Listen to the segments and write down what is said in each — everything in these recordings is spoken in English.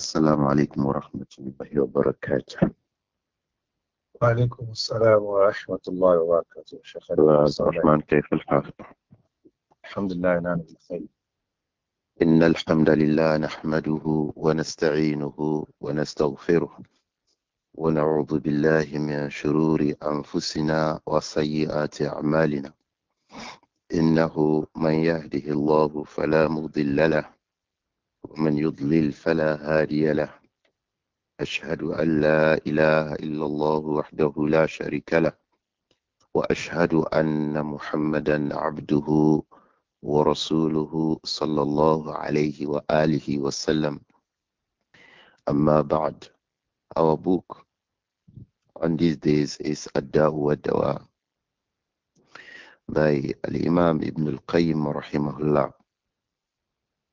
السلام عليكم ورحمة الله وبركاته وعليكم السلام ورحمة الله وبركاته شيخ الرحمن كيف الحال؟ الحمد لله نعم بخير إن الحمد لله نحمده ونستعينه ونستغفره ونعوذ بالله من شرور أنفسنا وسيئات أعمالنا إنه من يهده الله فلا مضل له ومن يضلل فلا هادي له أشهد أن لا إله إلا الله وحده لا شريك له وأشهد أن محمدا عبده ورسوله صلى الله عليه وآله وسلم أما بعد our book on these days is Ad-Da'u ad by Al-Imam Ibn Al-Qayyim rahimahullah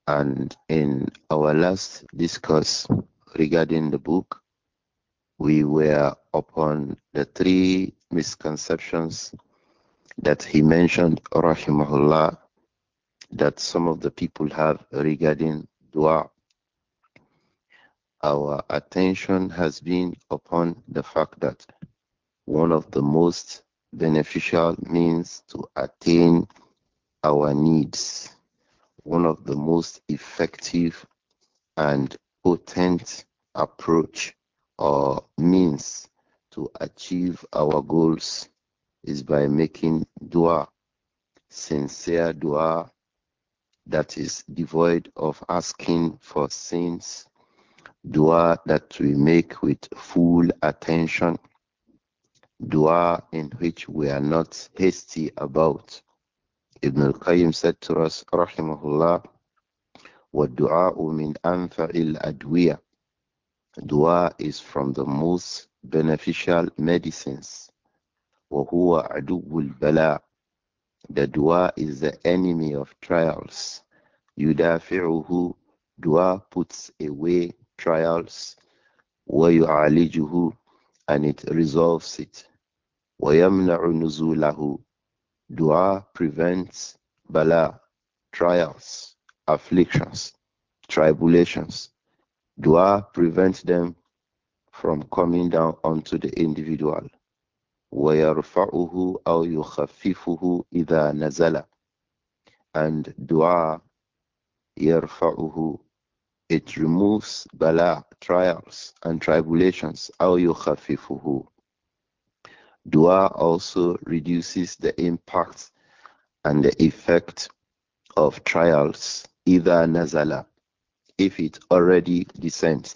And in our last discourse regarding the book, we were upon the three misconceptions that he mentioned, rahimahullah, that some of the people have regarding dua. Our attention has been upon the fact that one of the most beneficial means to attain our needs one of the most effective and potent approach or means to achieve our goals is by making dua, sincere dua that is devoid of asking for sins, dua that we make with full attention, dua in which we are not hasty about, Ibn al-Qayyim said to us, rahimahullah, وَالدُّعَاءُ مِنْ أَنْفَعِ الْأَدْوِيَةِ Dua is from the most beneficial medicines. وَهُوَ عَدُوُّ bala. The dua is the enemy of trials. يُدَافِعُهُ Dua puts away trials. وَيُعَالِجُهُ And it resolves it. وَيَمْنَعُ nuzulahu." Dua prevents bala, trials, afflictions, tribulations. Dua prevents them from coming down onto the individual. وَيَرْفَعُهُ And dua yarfa'uhu It removes bala, trials and tribulations. أَوْ يُخَفِّفُهُ Dua also reduces the impact and the effect of trials, either nazala, if it already descends.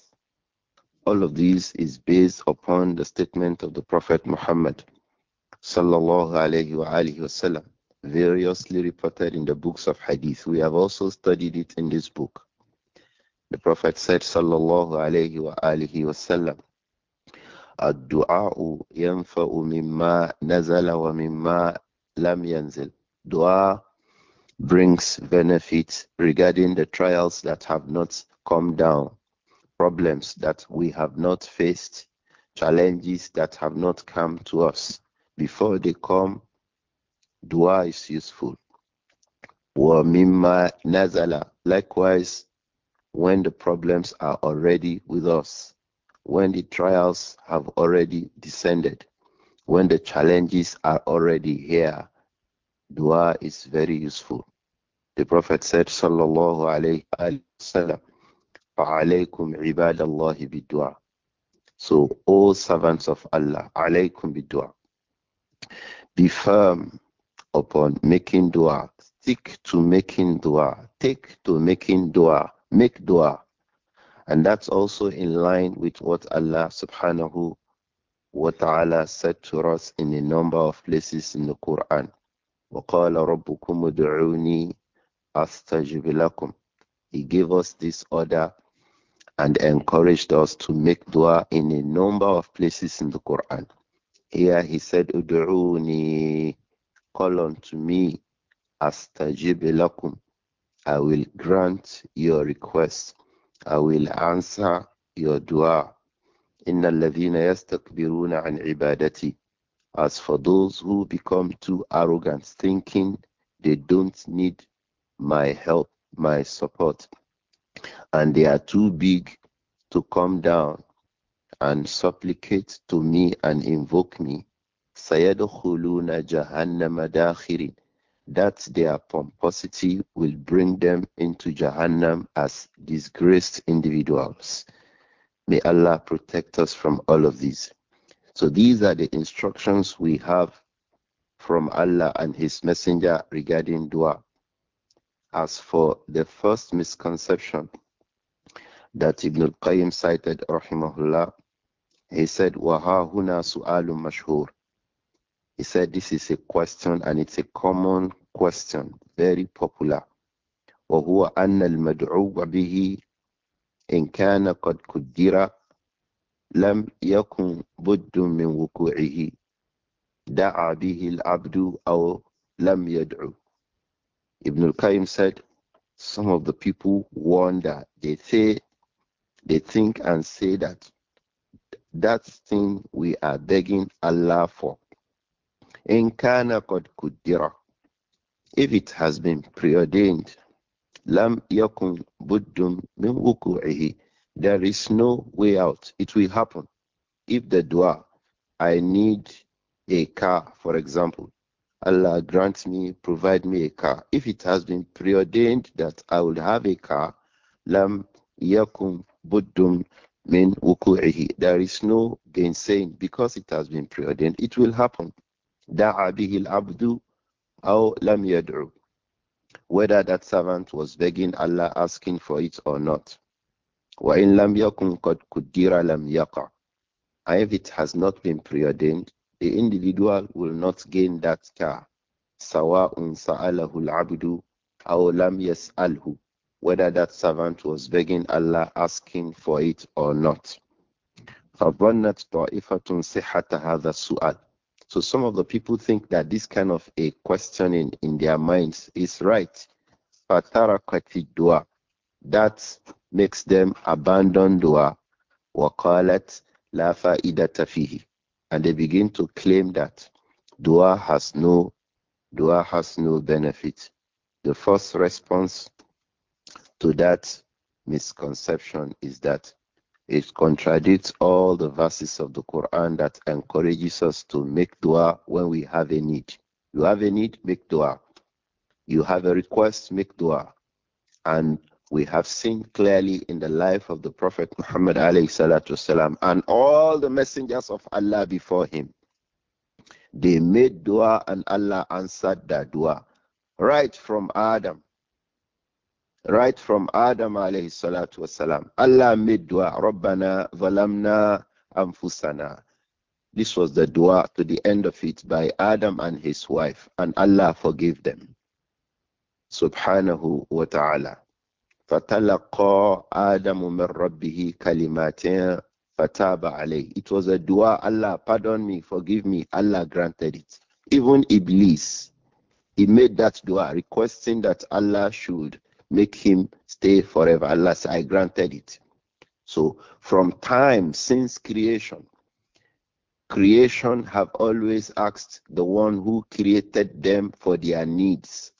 All of this is based upon the statement of the Prophet Muhammad sallallahu alayhi wa alayhi wasallam, variously reported in the books of hadith. We have also studied it in this book. The Prophet said sallallahu alayhi wa alayhi wasallam, الدعاء ينفع مما نزل ومما لم ينزل Dua brings benefits regarding the trials that have not come down, problems that we have not faced, challenges that have not come to us. Before they come, dua is useful. Wa nazala. Likewise, when the problems are already with us, when the trials have already descended, when the challenges are already here, dua is very useful. The Prophet said, Sallallahu Alaihi Wasallam, فَعَلَيْكُمْ عِبَادَ اللَّهِ بِالدُّعَى So, all servants of Allah, alaykum bidua. Be firm upon making dua. Stick to making dua. Take to making dua. Make dua. And that's also in line with what Allah subhanahu wa ta'ala said to us in a number of places in the Quran. He gave us this order and encouraged us to make dua in a number of places in the Quran. Here he said, Udu'uni, call unto me, astajib lakum. I will grant your request. I will answer your dua. إِنَّ الَّذِينَ yastakbiruna عَنْ ibadati. As for those who become too arrogant, thinking they don't need my help, my support, and they are too big to come down and supplicate to me and invoke me, سَيَدْخُلُونَ جَهَنَّمَ دَاخِرِينَ that their pomposity will bring them into Jahannam as disgraced individuals. May Allah protect us from all of these. So these are the instructions we have from Allah and His Messenger regarding dua. As for the first misconception that Ibn al-Qayyim cited, rahimahullah, he said, وَهَا huna su'alun mashhur." He said this is a question and it's a common question, very popular. وهو أن المدعو به إن كان قد قدر لم يكن بد من وقوعه دعا به العبد أو لم يدعو Ibn al-Qayyim said some of the people wonder they say they think and say that that thing we are begging Allah for in kana قد kudira if it has been preordained lam يكن بد min وقوعه there is no way out it will happen if the dua I need a car for example Allah grant me provide me a car if it has been preordained that I will have a car lam يكن بد min wuku'ihi. There is no gainsaying because it has been preordained. It will happen. دعا به العبد أو لم يدعو whether that servant was begging Allah asking for it or not وإن لم يكن قد قدر لم يقع and if it has not been preordained the individual will not gain that car سواء سأله العبد أو لم يسأله whether that servant was begging Allah asking for it or not فظنت طائفة صحة هذا السؤال so some of the people think that this kind of a questioning in their minds is right. That makes them abandon dua. وقالت lafa ida فيه. And they begin to claim that dua has no dua has no benefit. The first response to that misconception is that it contradicts all the verses of the Quran that encourages us to make dua when we have a need. You have a need, make dua. You have a request, make dua. And we have seen clearly in the life of the Prophet Muhammad والسلام, and all the messengers of Allah before him. They made dua and Allah answered their dua. Right from Adam right from Adam alayhi salatu wasalam. Allah made dua, Rabbana valamna anfusana. This was the dua to the end of it by Adam and his wife, and Allah forgave them. Subhanahu wa ta'ala. فَتَلَقَى آدَمُ مِنْ رَبِّهِ كَلِمَاتٍ فَتَابَ عَلَيْهِ It was a dua, Allah pardon me, forgive me, Allah granted it. Even Iblis, he made that dua requesting that Allah should make him stay forever. Alas, I granted it. So from time since creation, creation have always asked the one who created them for their needs,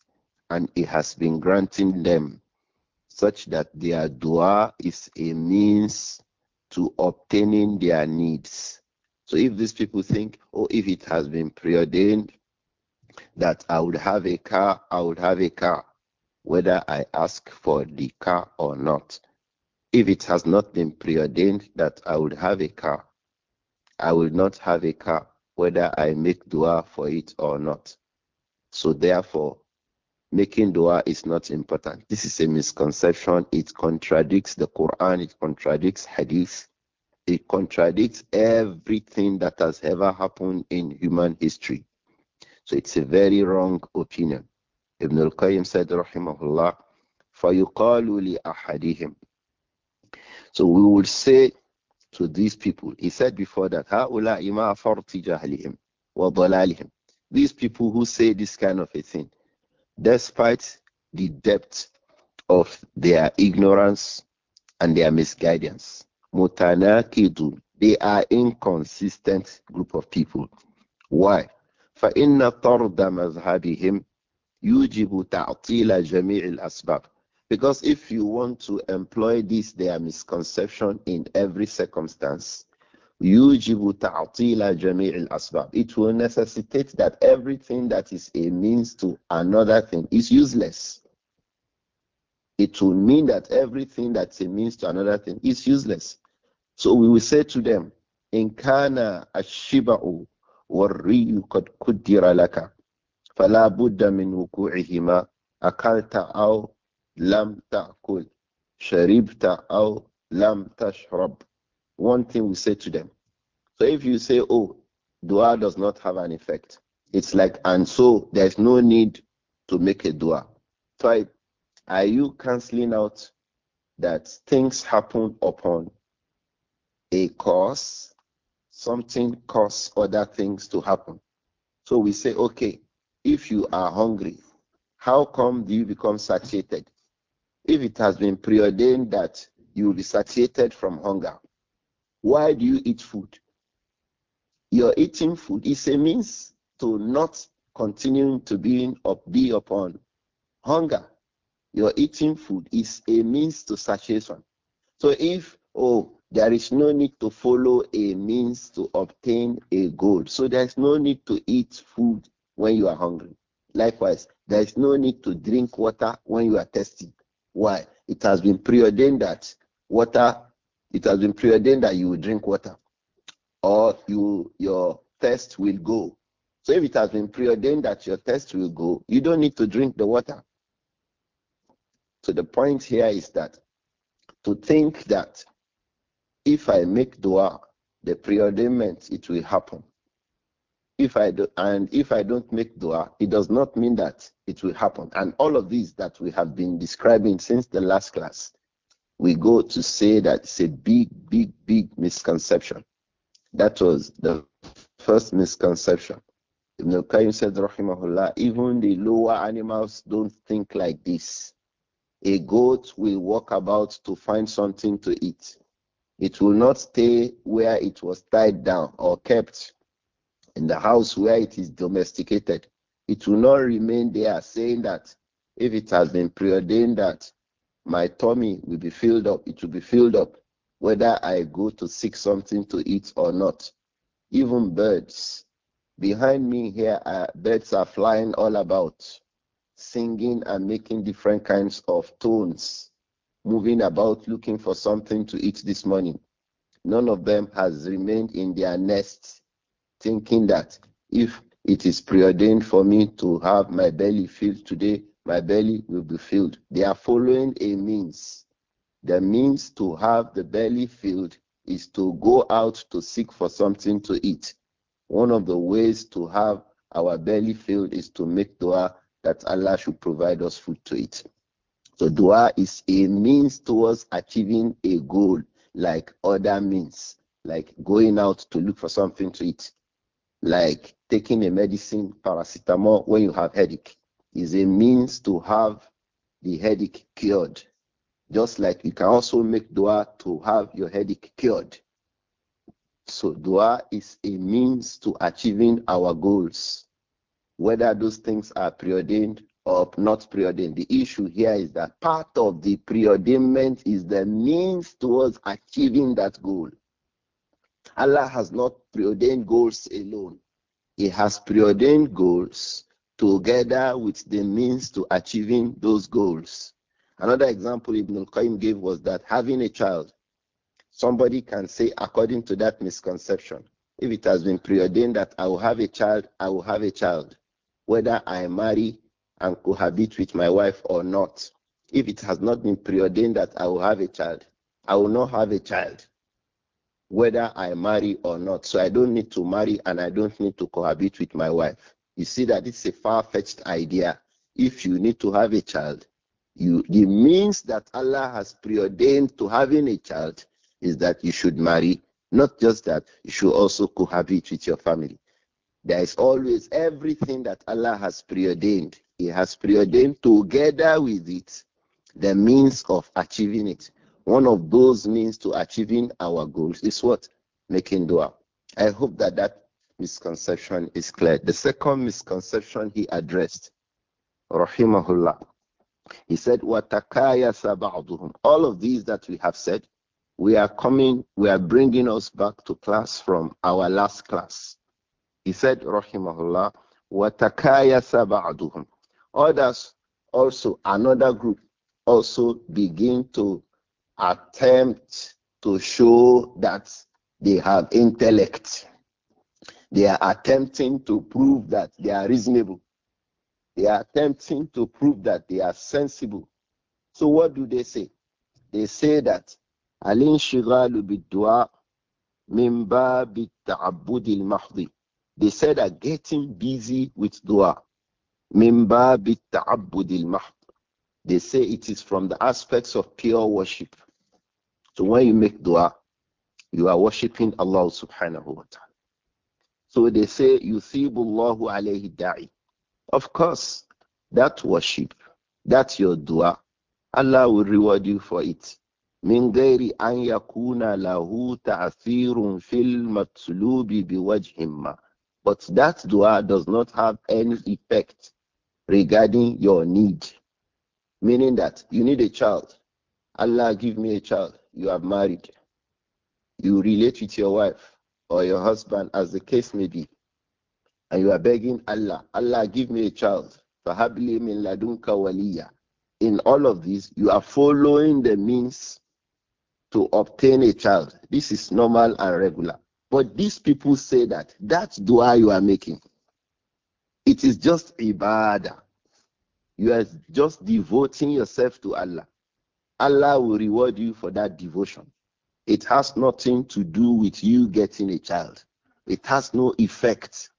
and it has been granting them such that their dua is a means to obtaining their needs. So if these people think, oh, if it has been preordained that I would have a car, I would have a car whether I ask for the car or not. If it has not been preordained that I would have a car, I will not have a car whether I make dua for it or not. So therefore, making dua is not important. This is a misconception. It contradicts the Quran, it contradicts hadith, it contradicts everything that has ever happened in human history. So it's a very wrong opinion. Ibn al-Qayyim said, rahimahullah, فَيُقَالُ لِأَحَدِهِمْ So we would say to these people, he said before that, هَؤُلَاءِ مَا فَرْتِ جَهْلِهِمْ وَضَلَالِهِمْ These people who say this kind of a thing, despite the depth of their ignorance and their misguidance. Mutanakidu, they are inconsistent group of people. Why? فَإِنَّ طَرْدَ مَذْهَبِهِمْ يُجِبُ تَعْطِيلَ جَمِيعِ الْأَسْبَابِ Because if you want to employ this, their misconception in every circumstance, يُجِبُ تَعْطِيلَ جَمِيعِ الْأَسْبَابِ It will necessitate that everything that is a means to another thing is useless. It will mean that everything that's a means to another thing is useless. So we will say to them, إِنْ كَانَ الشِّبَعُ وَالرِّيُّ قَدْ قُدِّرَ لَكَ فلا بد من وقوعهما أكلت أو لم تأكل شربت أو لم تشرب one thing we say to them so if you say oh dua does not have an effect it's like and so there's no need to make a dua so are you canceling out that things happen upon a cause something cause other things to happen so we say okay if you are hungry, how come do you become satiated? If it has been preordained that you will be satiated from hunger, why do you eat food? You're eating food is a means to not continuing to being up, be upon hunger. You're eating food is a means to satiation. So if oh there is no need to follow a means to obtain a goal, so there is no need to eat food when you are hungry. Likewise, there is no need to drink water when you are thirsty. Why? It has been preordained that water, it has been preordained that you will drink water or you your thirst will go. So if it has been preordained that your thirst will go, you don't need to drink the water. So the point here is that to think that if I make dua, the preordainment, it will happen if I do, and if I don't make dua, it does not mean that it will happen. And all of these that we have been describing since the last class, we go to say that it's a big, big, big misconception. That was the first misconception. Ibn al-Qayyim said, rahimahullah, even the lower animals don't think like this. A goat will walk about to find something to eat. It will not stay where it was tied down or kept in the house where it is domesticated. It will not remain there saying that if it has been preordained that my tummy will be filled up, it will be filled up whether I go to seek something to eat or not. Even birds. Behind me here, uh, birds are flying all about, singing and making different kinds of tones, moving about looking for something to eat this morning. None of them has remained in their nests thinking that if it is preordained for me to have my belly filled today, my belly will be filled. They are following a means. The means to have the belly filled is to go out to seek for something to eat. One of the ways to have our belly filled is to make dua that Allah should provide us food to eat. So dua is a means towards achieving a goal like other means, like going out to look for something to eat like taking a medicine, paracetamol, when you have headache, is a means to have the headache cured. Just like you can also make dua to have your headache cured. So dua is a means to achieving our goals, whether those things are preordained or not preordained. The issue here is that part of the preordainment is the means towards achieving that goal. Allah has not preordained goals alone. He has preordained goals together with the means to achieving those goals. Another example Ibn al-Qayyim gave was that having a child, somebody can say, according to that misconception, if it has been preordained that I will have a child, I will have a child, whether I marry and cohabit with my wife or not. If it has not been preordained that I will have a child, I will not have a child whether I marry or not. So I don't need to marry and I don't need to cohabit with my wife. You see that it's a far fetched idea. If you need to have a child, you the means that Allah has preordained to having a child is that you should marry. Not just that, you should also cohabit with your family. There is always everything that Allah has preordained. He has preordained together with it the means of achieving it. One of those means to achieving our goals is what? Making dua. I hope that that misconception is clear. The second misconception he addressed, rahimahullah, he said, "Watakayasa ba'duhum." All of these that we have said, we are coming, we are bringing us back to class from our last class. He said, rahimahullah, "Watakayasa ba'duhum." Others also, another group also begin to attempt to show that they have intellect. They are attempting to prove that they are reasonable. They are attempting to prove that they are sensible. So what do they say? They say that Alin Shigalu Lubidwa Mimba Bitabudil Mahdi. They said that getting busy with dua. Mimba Bitabudil Mahdi. They say it is from the aspects of pure worship. So when you make dua, you are worshipping Allah subhanahu wa ta'ala. So they say, Yuthibullahu alayhi da'i. Of course, that worship, that's your dua. Allah will reward you for it. من غير أن يكون له تأثير في المطلوب بوجه ما. But that dua does not have any effect regarding your need. Meaning that you need a child. Allah give me a child you are married, you relate with your wife or your husband, as the case may be, and you are begging Allah, Allah, give me a child. In all of these, you are following the means to obtain a child. This is normal and regular. But these people say that that dua you are making, it is just ibadah. You are just devoting yourself to Allah. Allah will reward you for that devotion. It has nothing to do with you getting a child. It has no effect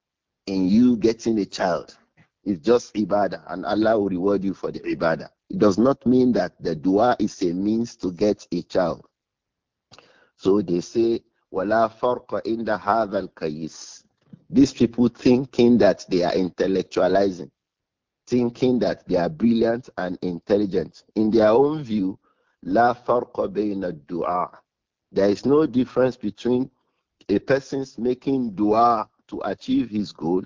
in you getting a child. It's just ibadah, and Allah will reward you for the ibadah. It does not mean that the dua is a means to get a child. So they say, Wala farqa inda hadha al These people thinking that they are intellectualizing, thinking that they are brilliant and intelligent. In their own view, La farqa bayna dua. There is no difference between a person's making dua to achieve his goal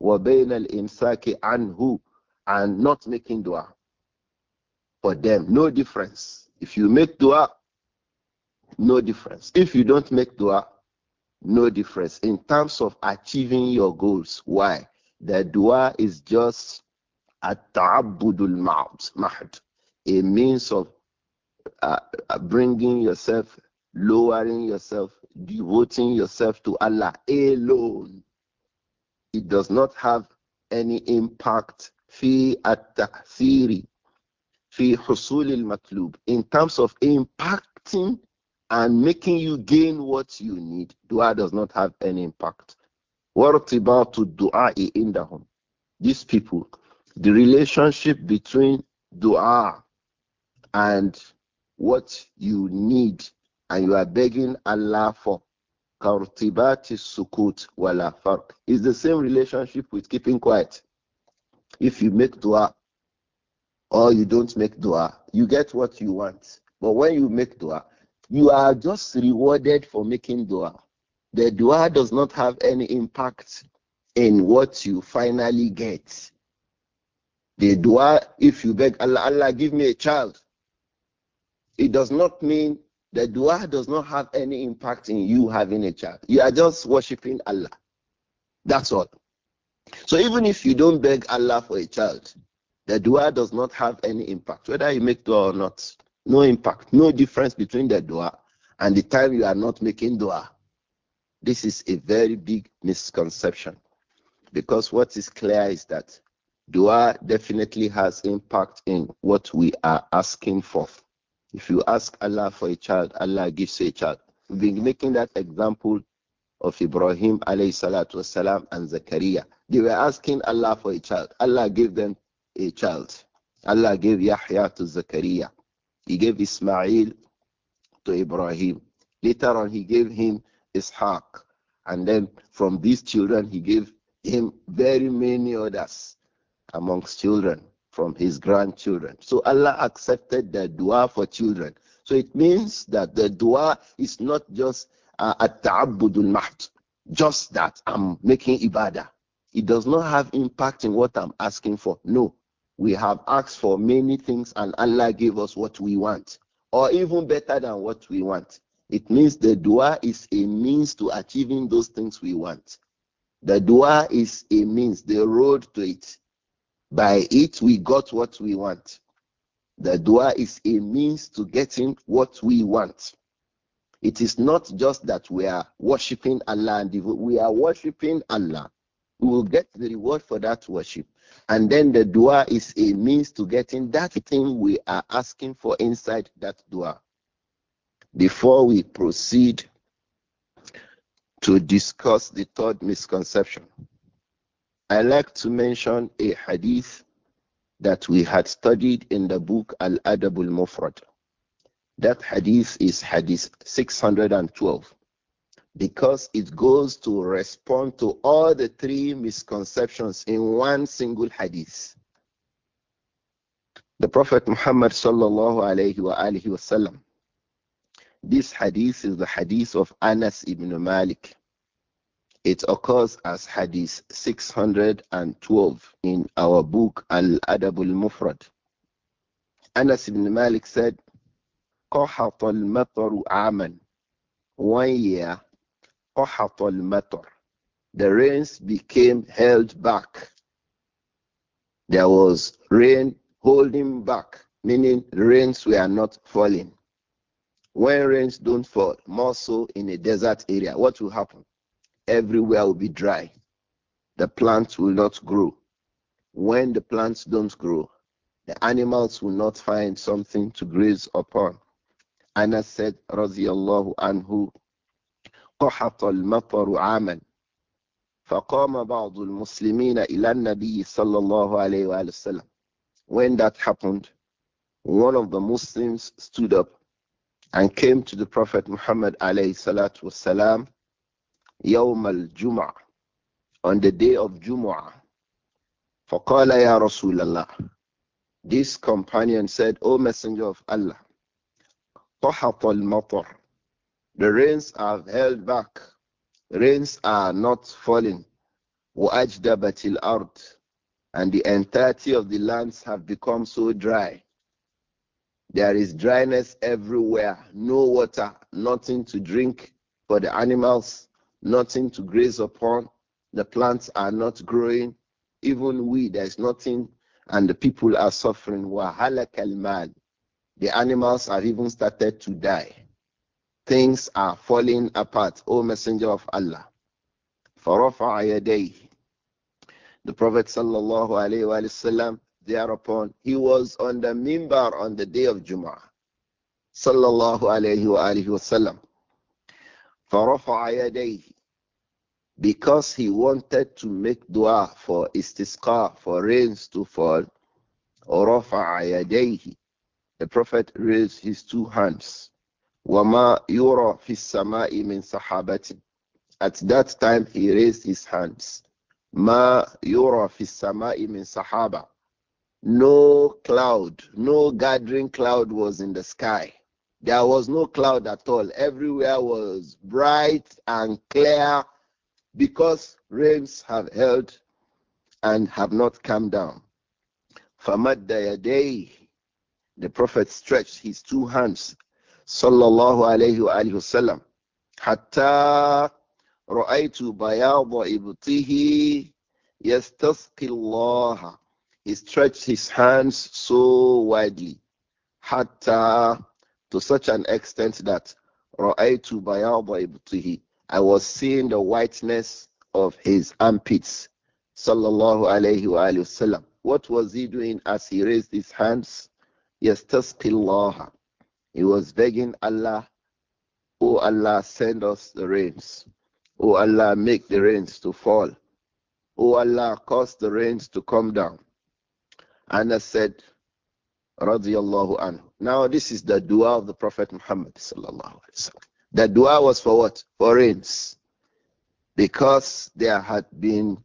wa bayna al-imsaki anhu and not making dua. For them, no difference. If you make dua, no difference. If you don't make dua, no difference in terms of achieving your goals. Why? The dua is just at ta'abbudul mahd, a means of uh, uh, bringing yourself, lowering yourself, devoting yourself to Allah alone. It does not have any impact fi at fi in terms of impacting and making you gain what you need. Dua does not have any impact. What about in الدُّعَاءِ home? These people, the relationship between dua and what you need and you are begging Allah for. Kartibati sukut wala farq. It's the same relationship with keeping quiet. If you make dua or you don't make dua, you get what you want. But when you make dua, you are just rewarded for making dua. The dua does not have any impact in what you finally get. The dua, if you beg Allah, Allah, give me a child, it does not mean the dua does not have any impact in you having a child. You are just worshiping Allah. That's all. So even if you don't beg Allah for a child, the dua does not have any impact, whether you make dua or not. No impact, no difference between the dua and the time you are not making dua. This is a very big misconception because what is clear is that dua definitely has impact in what we are asking for. If you ask Allah for a child, Allah gives you a child. We've been making that example of Ibrahim alayhi salatu wasalam and Zakaria. They were asking Allah for a child. Allah gave them a child. Allah gave Yahya to Zakaria. He gave Ismail to Ibrahim. Later on, he gave him Ishaq. And then from these children, he gave him very many others amongst children from his grandchildren. So Allah accepted the dua for children. So it means that the dua is not just a uh, at-ta'abbudul maht, just that I'm making ibadah. It does not have impact in what I'm asking for. No, we have asked for many things and Allah gave us what we want, or even better than what we want. It means the dua is a means to achieving those things we want. The dua is a means, the road to it. By it, we got what we want. The dua is a means to getting what we want. It is not just that we are worshiping Allah and we are worshiping Allah. We will get the reward for that worship. And then the dua is a means to getting that thing we are asking for inside that dua. Before we proceed to discuss the third misconception, I like to mention a hadith that we had studied in the book Al Adabul Mufrad. That hadith is hadith 612 because it goes to respond to all the three misconceptions in one single hadith. The Prophet Muhammad sallallahu alayhi wa wasallam. This hadith is the hadith of Anas ibn Malik. It occurs as Hadith 612 in our book Al Adabul Mufrad. Anas ibn Malik said, قحط المطر عاما One year, قحط المطر The rains became held back. There was rain holding back, meaning rains were not falling. When rains don't fall, more so in a desert area, what will happen? everywhere will be dry. The plants will not grow. When the plants don't grow, the animals will not find something to graze upon. Anas said, Radiallahu anhu, فقام بعض المسلمين إلى النبي صلى الله عليه وسلم When that happened, one of the Muslims stood up and came to the Prophet Muhammad alayhi salatu wasalam يوم الجمعة on the day of Jumu'ah فقال يا رسول الله this companion said O messenger of Allah طحط المطر the rains are held back rains are not falling وأجدبت الأرض and the entirety of the lands have become so dry there is dryness everywhere, no water, nothing to drink for the animals, nothing to graze upon, the plants are not growing, even we, there is nothing, and the people are suffering. Wahala kalman. The animals have even started to die. Things are falling apart, O Messenger of Allah. The Prophet sallallahu alaihi wasallam thereupon he was on the mimbar on the day of Jum'ah sallallahu alaihi wasallam فرفع يديه because he wanted to make dua for istisqa, for rains to fall. رَفَعَ يَدَيْهِ The Prophet raised his two hands. وَمَا يُرَى فِي السَّمَاءِ مِنْ صَحَابَةٍ At that time he raised his hands. مَا يُرَى فِي السَّمَاءِ مِنْ صَحَابَةٍ No cloud, no gathering cloud was in the sky. There was no cloud at all. Everywhere was bright and clear because rains have held and have not come down. Famaddayaday, the Prophet stretched his two hands, sallallahu alayhi wa wasallam, hatta ra'aytu bayadha ibtihi yastasqi Allah. He stretched his hands so widely, hatta to such an extent that I was seeing the whiteness of his armpits. Sallallahu alayhi wa sallam. What was he doing as he raised his hands? Yastasqillaha. He was begging Allah, O oh Allah, send us the rains. O oh Allah, make the rains to fall. O oh Allah, cause the rains to come down. Anna said, radiallahu anhu. Now this is the dua of the Prophet Muhammad sallallahu alaihi wasallam. The dua was for what? For rains. Because there had been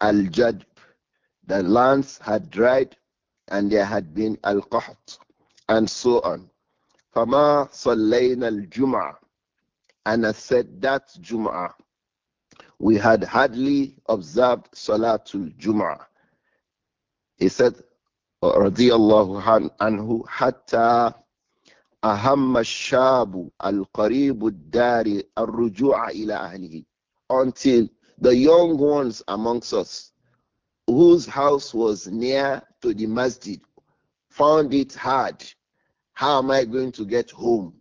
al-jadb, the lands had dried and there had been al qahat and so on. فَمَا al-Jum'a, And I said that Jum'ah, we had hardly observed Salatul Jum'ah. He said, رضي الله عنه حتى أهم الشاب القريب الدار الرجوع إلى أهله until the young ones amongst us whose house was near to the masjid found it hard how am I going to get home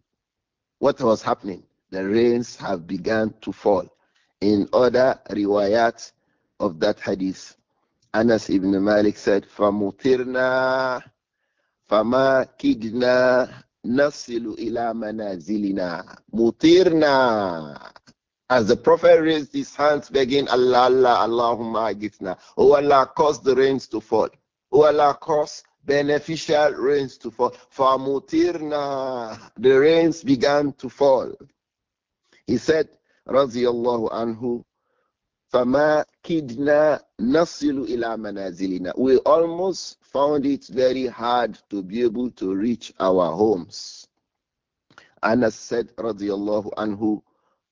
what was happening the rains have begun to fall in other riwayat of that hadith Anas ibn Malik said, فَمُطِرْنَا فَمَا كِدْنَا nasilu ila manazilina mutirna as the prophet raised his hands begging allah allah allahumma agitna oh allah cause the rains to fall oh allah cause beneficial rains to fall for the rains began to fall he said radiyallahu anhu Fama kidna nasilu ila manazilina. We almost found it very hard to be able to reach our homes. Anas said, radiyallahu anhu,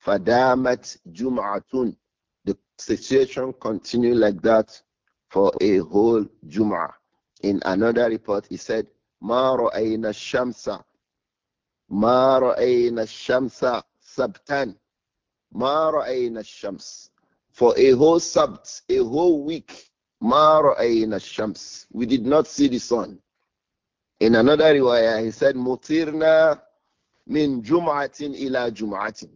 fadamat jum'atun. The situation continued like that for a whole jum'ah. In another report, he said, ma ra'ayna shamsa. Ma ra'ayna shamsa sabtan. Ma ra'ayna shamsa for a whole Sabbath, a whole week. shams. We did not see the sun. In another riwayah, he said, Mutirna min jum'atin ila jum'atin.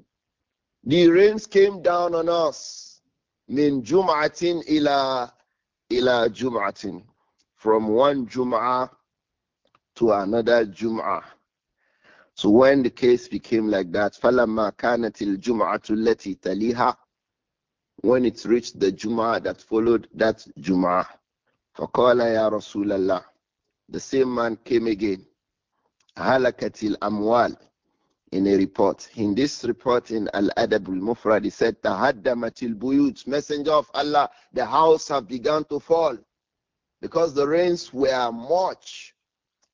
The rains came down on us min jum'atin ila ila jum'atin. From one jum'ah to another jum'ah. So when the case became like that, فَلَمَّا كَانَتِ الْجُمْعَةُ الَّتِي تَلِيهَا when it reached the Juma that followed that Juma. فقال يا رسول The same man came again. Halakatil Amwal in a report. In this report in Al-Adab al-Mufrad, he said, تهدمت البيوت Messenger of Allah, the house have begun to fall because the rains were much,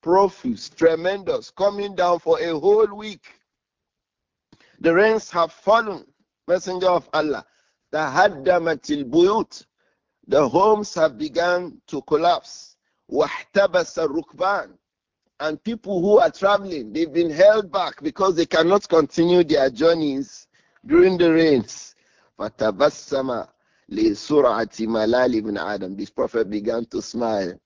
profuse, tremendous, coming down for a whole week. The rains have fallen, Messenger of Allah. تهدمت البيوت the homes have begun to collapse واحتبس الركبان and people who are traveling they've been held back because they cannot continue their journeys during the rains فتبسم لسرعة ملال ابن آدم this prophet began to smile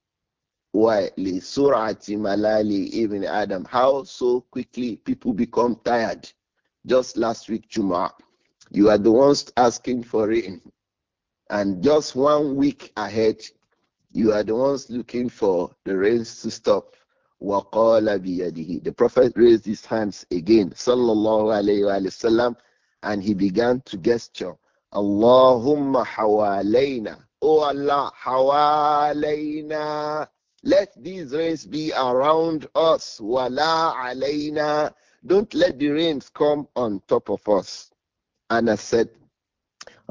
why لسرعة ملال ابن آدم how so quickly people become tired just last week Jumu'ah you are the ones asking for rain. And just one week ahead, you are the ones looking for the rains to stop. The Prophet raised his hands again, sallallahu alayhi wasallam, and he began to gesture, Allahumma hawalayna. Oh Allah, hawalayna. Let these rains be around us. Wala alayna. Don't let the rains come on top of us. Anas said,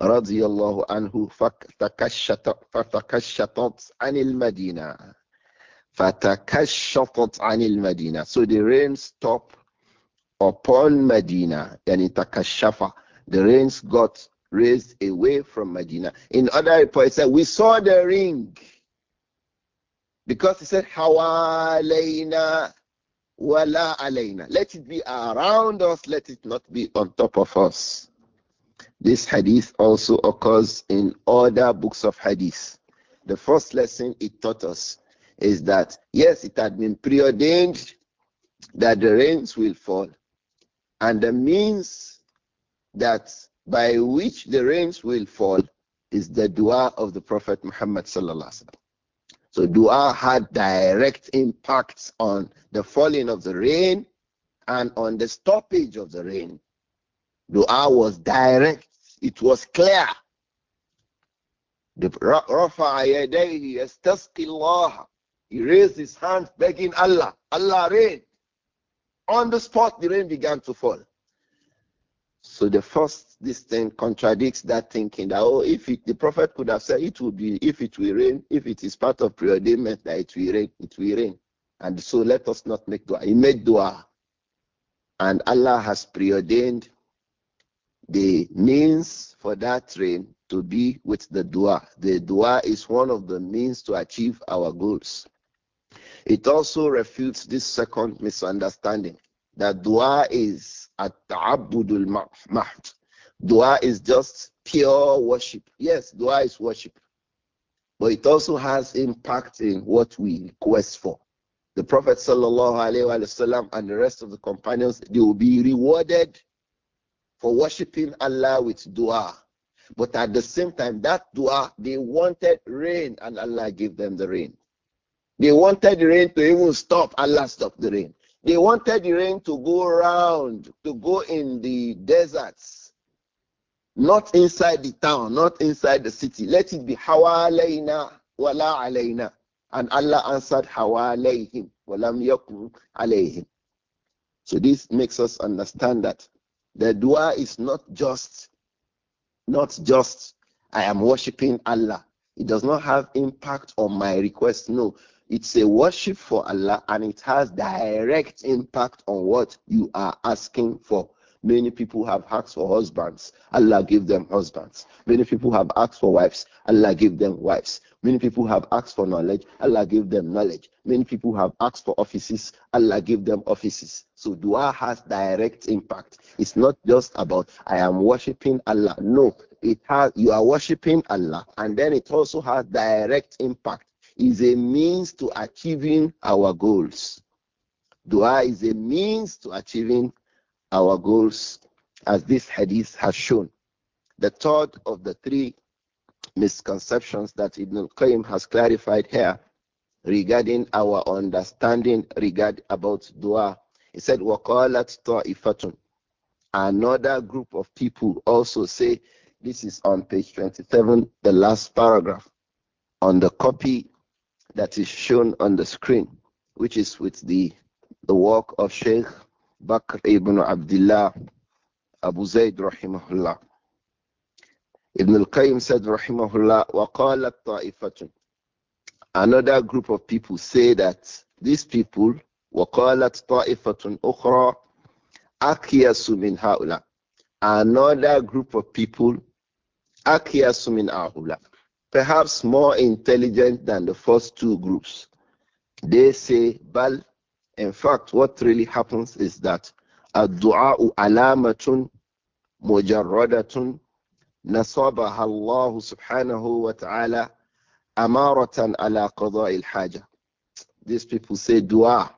رضي الله عنه فتكشطت عن المدينة فتكشطت عن المدينة so the rain stopped upon Medina يعني تكشف the rains got raised away from Medina in other reports said we saw the ring because he said حوالينا ولا علينا let it be around us let it not be on top of us this hadith also occurs in other books of hadith. The first lesson it taught us is that, yes, it had been preordained that the rains will fall, and the means that by which the rains will fall is the dua of the Prophet Muhammad sallallahu So dua had direct impacts on the falling of the rain and on the stoppage of the rain. Dua was direct it was clear. The Prophet He raised his hand begging Allah, Allah rain. On the spot, the rain began to fall. So the first this thing contradicts that thinking that oh, if it, the prophet could have said it will be if it will rain, if it is part of preordainment that it will rain, it will rain. And so let us not make dua. He made dua, and Allah has preordained the means for that train to be with the dua. The dua is one of the means to achieve our goals. It also refutes this second misunderstanding that dua is at ta'abbudul mahd. Dua is just pure worship. Yes, dua is worship. But it also has impact in what we request for. The Prophet sallallahu alaihi wasallam and the rest of the companions, they will be rewarded for worshiping Allah with dua. But at the same time, that dua, they wanted rain and Allah gave them the rain. They wanted the rain to even stop, Allah stopped the rain. They wanted the rain to go around, to go in the deserts, not inside the town, not inside the city. Let it be hawalayna wala alayna. And Allah answered hawalayhim walam yakum alayhim. So this makes us understand that the dua is not just, not just, I am worshipping Allah. It does not have impact on my request. No, it's a worship for Allah and it has direct impact on what you are asking for. Many people have asked for husbands. Allah give them husbands. Many people have asked for wives. Allah give them wives. Many people have asked for knowledge. Allah give them knowledge. Many people have asked for offices. Allah give them offices. So dua has direct impact. It's not just about I am worshiping Allah. No, it has you are worshiping Allah, and then it also has direct impact. Is a means to achieving our goals. Dua is a means to achieving our goals, as this hadith has shown. The third of the three misconceptions that Ibn al-Qayyim has clarified here regarding our understanding regard about dua. He said, وَقَالَتْ طَائِفَةٌ Another group of people also say, this is on page 27, the last paragraph, on the copy that is shown on the screen, which is with the, the work of Sheikh Bakr ibn Abdullah Abu Zayd rahimahullah. Ibn al-Qayyim said rahimahullah طائفة Another group of people say that these people وقالت طائفة أخرى أكيس من Another group of people أكيس من هؤلاء Perhaps more intelligent than the first two groups. They say بل in fact, what really happens is that a dua alamatun mujarradatun nasabaha Allah subhanahu wa ta'ala amaratan ala qada'i al-haja. These people say dua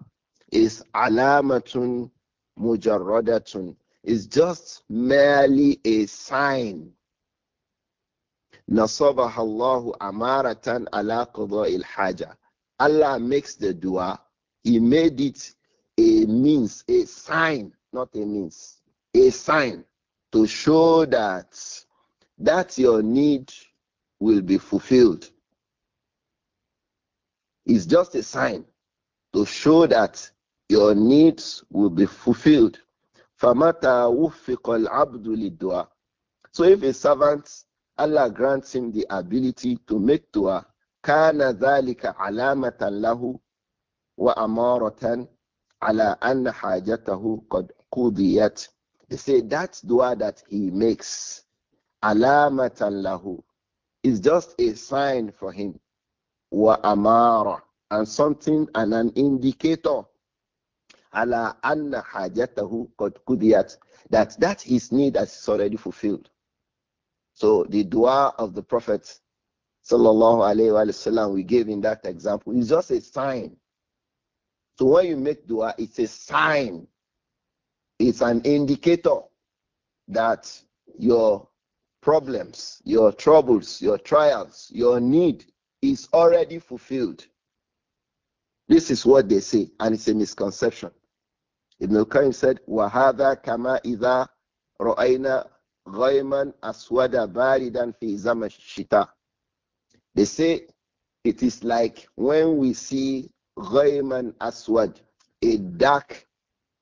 is alamatun mujarradatun It's just merely a sign. Nasabaha Allah amaratan ala qada'i al-haja. Allah makes the dua he made it a means, a sign, not a means, a sign to show that that your need will be fulfilled. It's just a sign to show that your needs will be fulfilled. So if a servant, Allah grants him the ability to make dua, كان ذلك علامة له وَأَمَارَةً عَلَىٰ أَنَّ حَاجَتَهُ قَدْ قُضِيَتْ They say that dua that he makes, عَلَامَةً لَهُ is just a sign for him. وَأَمَارَةً And something and an indicator ala anna hajatahu qad that that his need is already fulfilled so the dua of the prophet sallallahu alaihi wasallam we gave in that example is just a sign so when you make dua, it's a sign, it's an indicator that your problems, your troubles, your trials, your need is already fulfilled. This is what they say, and it's a misconception. Ibn al-Qayyim said, وَهَذَا كَمَا إِذَا رَأَيْنَا غَيْمًا أَسْوَدَ بَارِدًا فِي زَمَ الشِّتَاءِ They say it is like when we see ghayman aswad, a dark,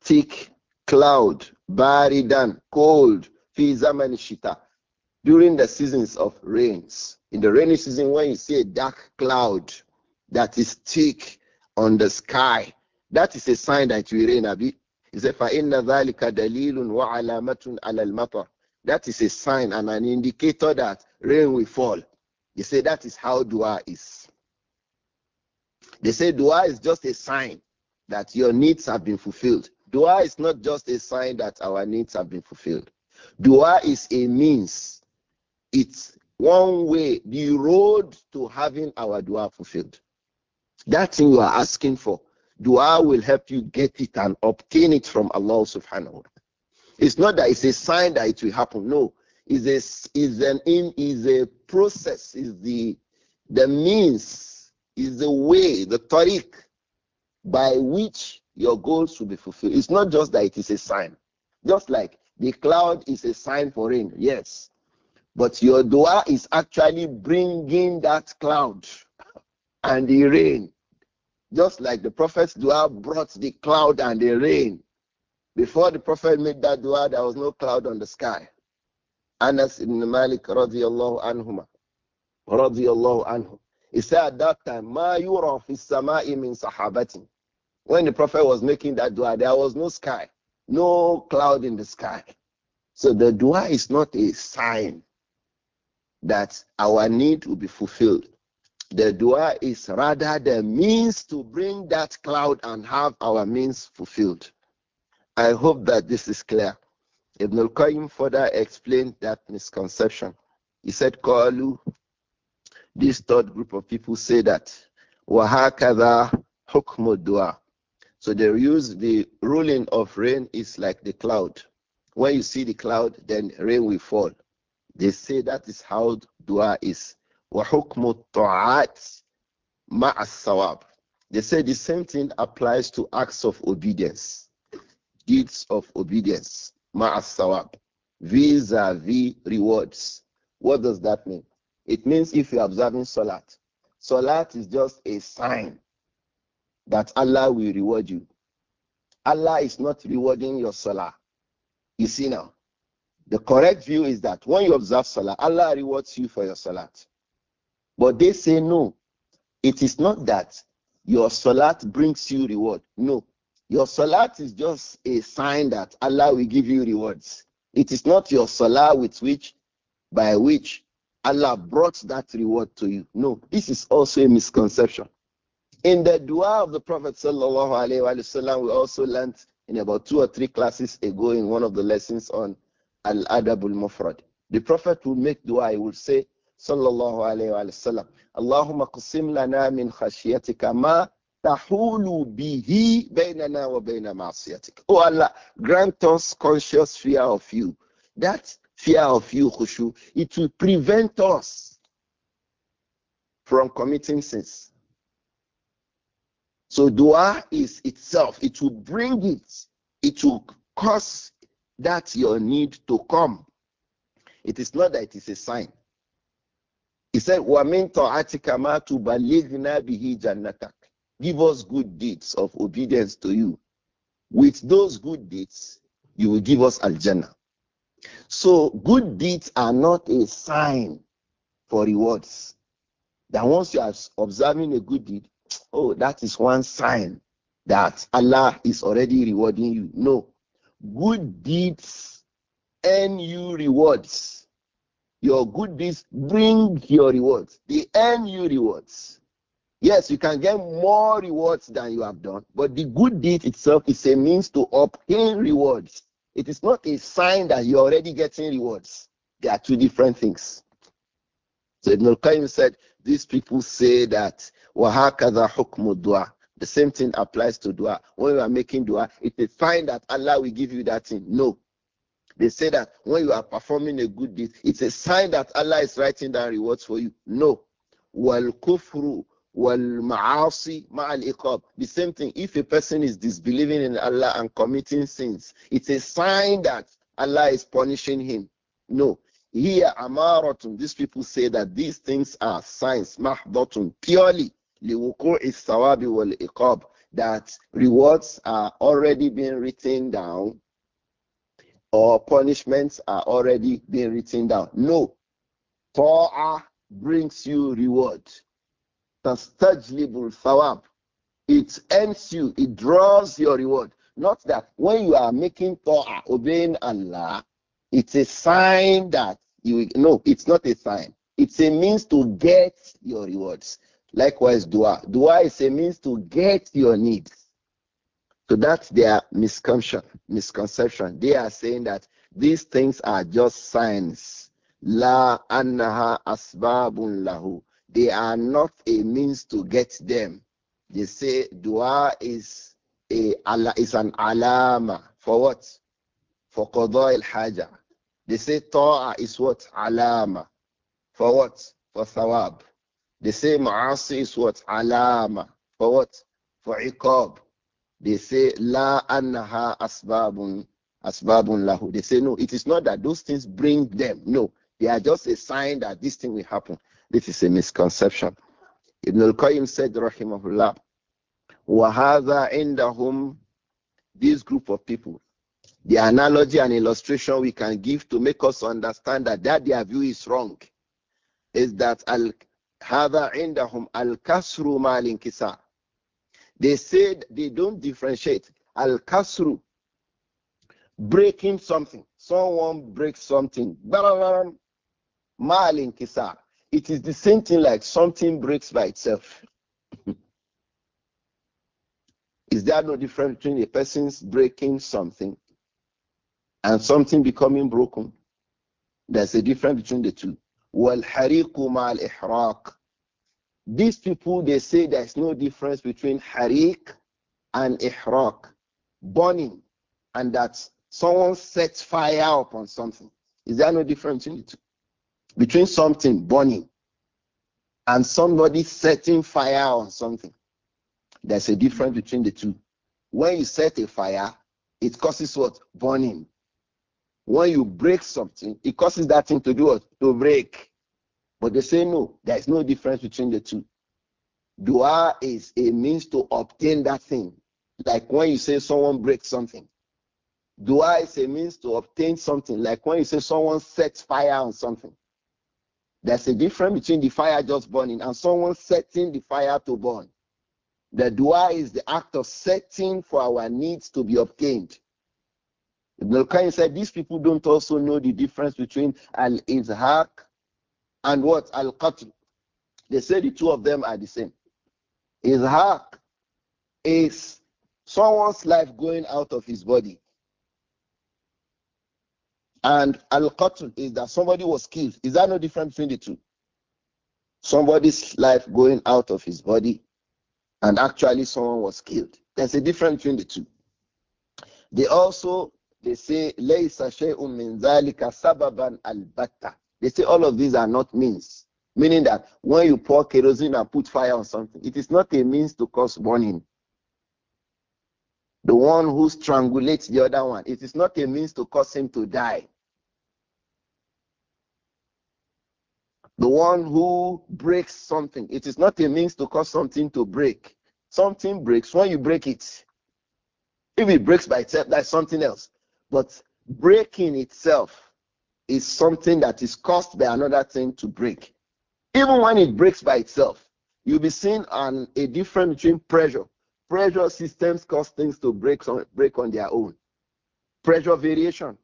thick cloud, baridan, cold, fi zaman shita, during the seasons of rains. In the rainy season, when you see a dark cloud that is thick on the sky, that is a sign that it will rain, a bit. That is a sign and an indicator that rain will fall. You say that is how dua is. They say dua is just a sign that your needs have been fulfilled. Dua is not just a sign that our needs have been fulfilled. Dua is a means. It's one way, the road to having our dua fulfilled. That thing you are asking for, dua will help you get it and obtain it from Allah subhanahu wa ta'ala. It's not that it's a sign that it will happen. No, it's a it's an it's a process, is the the means is the way, the tariq, by which your goals will be fulfilled. It's not just that it is a sign. Just like the cloud is a sign for rain, yes. But your dua is actually bringing that cloud and the rain. Just like the prophet's dua brought the cloud and the rain. Before the prophet made that dua, there was no cloud on the sky. Anas ibn Malik radiallahu anhuma. Radiallahu anhu. He said at that time, Ma yura fi sama'i min sahabatin. When the Prophet was making that dua, there was no sky, no cloud in the sky. So the dua is not a sign that our need will be fulfilled. The dua is rather the means to bring that cloud and have our means fulfilled. I hope that this is clear. Ibn al-Qayyim further explained that misconception. He said, Qalu this third group of people say that وَهَكَذَا حُكْمُ dua. So they use the ruling of rain is like the cloud. When you see the cloud, then rain will fall. They say that is how dua is. وَحُكْمُ الطَّاعَاتِ They say the same thing applies to acts of obedience, deeds of obedience, مَعَ الصَّوَابِ vis-a-vis rewards. What does that mean? It means if you're observing Salat, Salat is just a sign that Allah will reward you. Allah is not rewarding your Salah. You see now, the correct view is that when you observe Salah, Allah rewards you for your Salat. But they say no, it is not that your Salat brings you reward. No, your Salat is just a sign that Allah will give you rewards. It is not your Salah with which, by which Allah brought that reward to you. No, this is also a misconception. In the dua of the Prophet وسلم, we also learned in about two or three classes ago in one of the lessons on Al Adabul Mufrad. The Prophet will make dua, he will say, Sallallahu Alaihi Wasallam, Allahumma qasim lana min khashiyatika ma tahulu bihi baynana wa bayna ma'asiyatik. Oh Allah, grant us conscious fear of you. That fear of you, khushu, it will prevent us from committing sins. So dua is itself, it will bring it, it will cause that your need to come. It is not that it is a sign. He said, وَمِن طَاعَتِكَ مَا تُبَلِّغْنَا بِهِ جَنَّتَكَ Give us good deeds of obedience to you. With those good deeds, you will give us al-jannah. So good deeds are not a sign for rewards. That once you are observing a good deed, oh, that is one sign that Allah is already rewarding you. No. Good deeds earn you rewards. Your good deeds bring your rewards. They earn you rewards. Yes, you can get more rewards than you have done, but the good deed itself is a means to obtain rewards. It is not a sign that you're already getting rewards. They are two different things. So Ibn al-Qayyim said, these people say that وَهَكَذَا حُكْمُ dua. The same thing applies to dua. When you are making dua, it's a sign that Allah will give you that thing. No. They say that when you are performing a good deed, it's a sign that Allah is writing down rewards for you. No. وَالْكُفْرُ والمعاصي مع الإقاب. The same thing. If a person is disbelieving in Allah and committing sins, it's a sign that Allah is punishing him. No. Here, amaratun. These people say that these things are signs, mahdatun, purely liwukur is sawabi wal That rewards are already being written down, or punishments are already being written down. No, Torah brings you reward. Tastajlibul thawab. It ends you, it draws your reward. Not that when you are making ta'ah, obeying Allah, it's a sign that you no, it's not a sign. It's a means to get your rewards. Likewise, dua. Dua is a means to get your needs. So that's their misconception. Misconception. They are saying that these things are just signs. La annaha asbabun lahu. They are not a means to get them. They say dua is a is an alama for what? For qada al haja. They say ta'a is what alama for what? For thawab. They say ma'asi is what alama for what? For iqab. They say la annaha asbabun asbabun lahu. They say no, it is not that those things bring them. No, they are just a sign that this thing will happen. This is a misconception. Ibn al-Qayyim said, rahimahullah, وَهَذَا عِنْدَهُمْ This group of people, the analogy and illustration we can give to make us understand that, that their view is wrong is that al هَذَا al kasru malin kisa. They said they don't differentiate. Al-kasru, breaking something. Someone breaks something. Malin kisa. It is the same thing like something breaks by itself. is there no difference between a person's breaking something and something becoming broken? There's a difference between the two. Well, harikumal ihraq. These people, they say there's no difference between harik and ihraq, burning, and that someone sets fire upon something. Is there no difference between the two? between something burning and somebody setting fire on something. There's a difference between the two. When you set a fire, it causes what? Burning. When you break something, it causes that thing to do what? To break. But they say no, there is no difference between the two. Dua is a means to obtain that thing. Like when you say someone breaks something. Dua is a means to obtain something. Like when you say someone sets fire on something. There's a difference between the fire just burning and someone setting the fire to burn. The dua is the act of setting for our needs to be obtained. Ibn al-Qayyim said these people don't also know the difference between al-izhaq and what al-qatl. They say the two of them are the same. Izhaq is someone's life going out of his body and al-qatl is that somebody was killed. Is that no different between the two? Somebody's life going out of his body, and actually someone was killed. There's a difference between the two. They also they say laysa shay'un min zalika sababan al-batta. They say all of these are not means, meaning that when you pour kerosene and put fire on something, it is not a means to cause burning the one who strangulates the other one. It is not a means to cause him to die. The one who breaks something. It is not a means to cause something to break. Something breaks when you break it. If it breaks by itself, that's something else. But breaking itself is something that is caused by another thing to break. Even when it breaks by itself, you'll be seeing an, a difference between pressure. Pressure systems cause things to break on, break on their own. Pressure variation.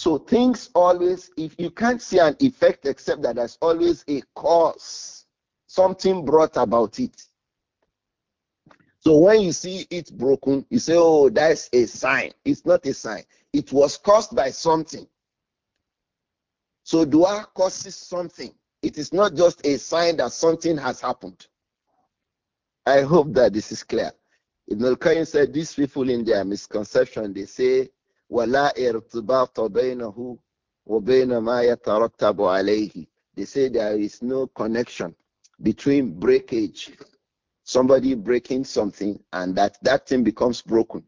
So things always, if you can't see an effect except that there's always a cause, something brought about it. So when you see it broken, you say, oh, that's a sign. It's not a sign. It was caused by something. So dua causes something. It is not just a sign that something has happened. I hope that this is clear. Ibn al said these people in their misconception, they say وَلَا إِرْتِبَاطَ بَيْنَهُ وَبَيْنَ مَا يَتَرَتَّبُ عَلَيْهِ They say there is no connection between breakage, somebody breaking something, and that that thing becomes broken.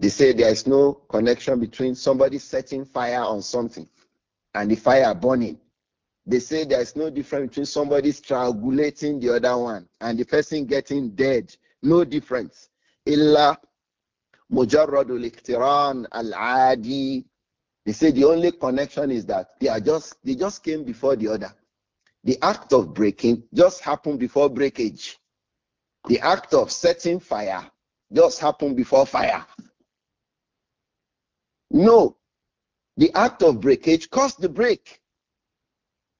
They say there is no connection between somebody setting fire on something and the fire burning. They say there is no difference between somebody strangulating the other one and the person getting dead. No difference. مجرد الاقتران العادي they say the only connection is that they are just they just came before the other the act of breaking just happened before breakage the act of setting fire just happened before fire no the act of breakage caused the break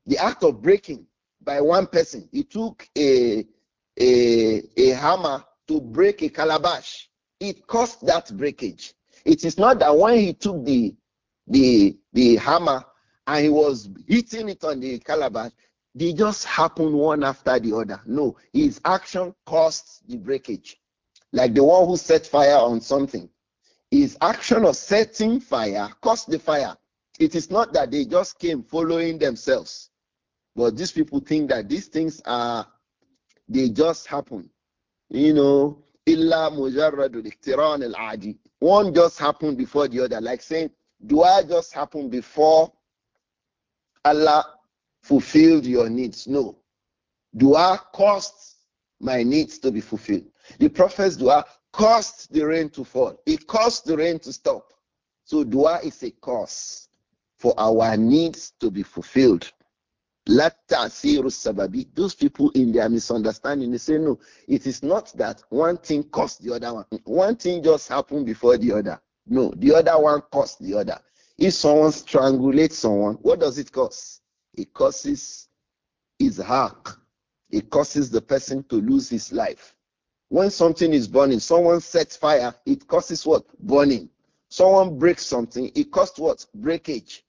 the act of breaking by one person he took a a, a hammer to break a calabash it caused that breakage. It is not that when he took the the the hammer and he was hitting it on the calabash, they just happened one after the other. No, his action caused the breakage. Like the one who set fire on something. His action of setting fire caused the fire. It is not that they just came following themselves. But these people think that these things are, they just happen. You know, illa mujarradul al adi. One just happened before the other, like saying, dua just happened before Allah fulfilled your needs. No. Dua caused my needs to be fulfilled. The prophet's dua caused the rain to fall. It caused the rain to stop. So dua is a cause for our needs to be fulfilled. Those people in their misunderstanding, they say, no, it is not that one thing caused the other one. One thing just happened before the other. No, the other one caused the other. If someone strangulates someone, what does it cause? It causes his heart. It causes the person to lose his life. When something is burning, someone sets fire, it causes what? Burning. Someone breaks something, it causes what? Breakage.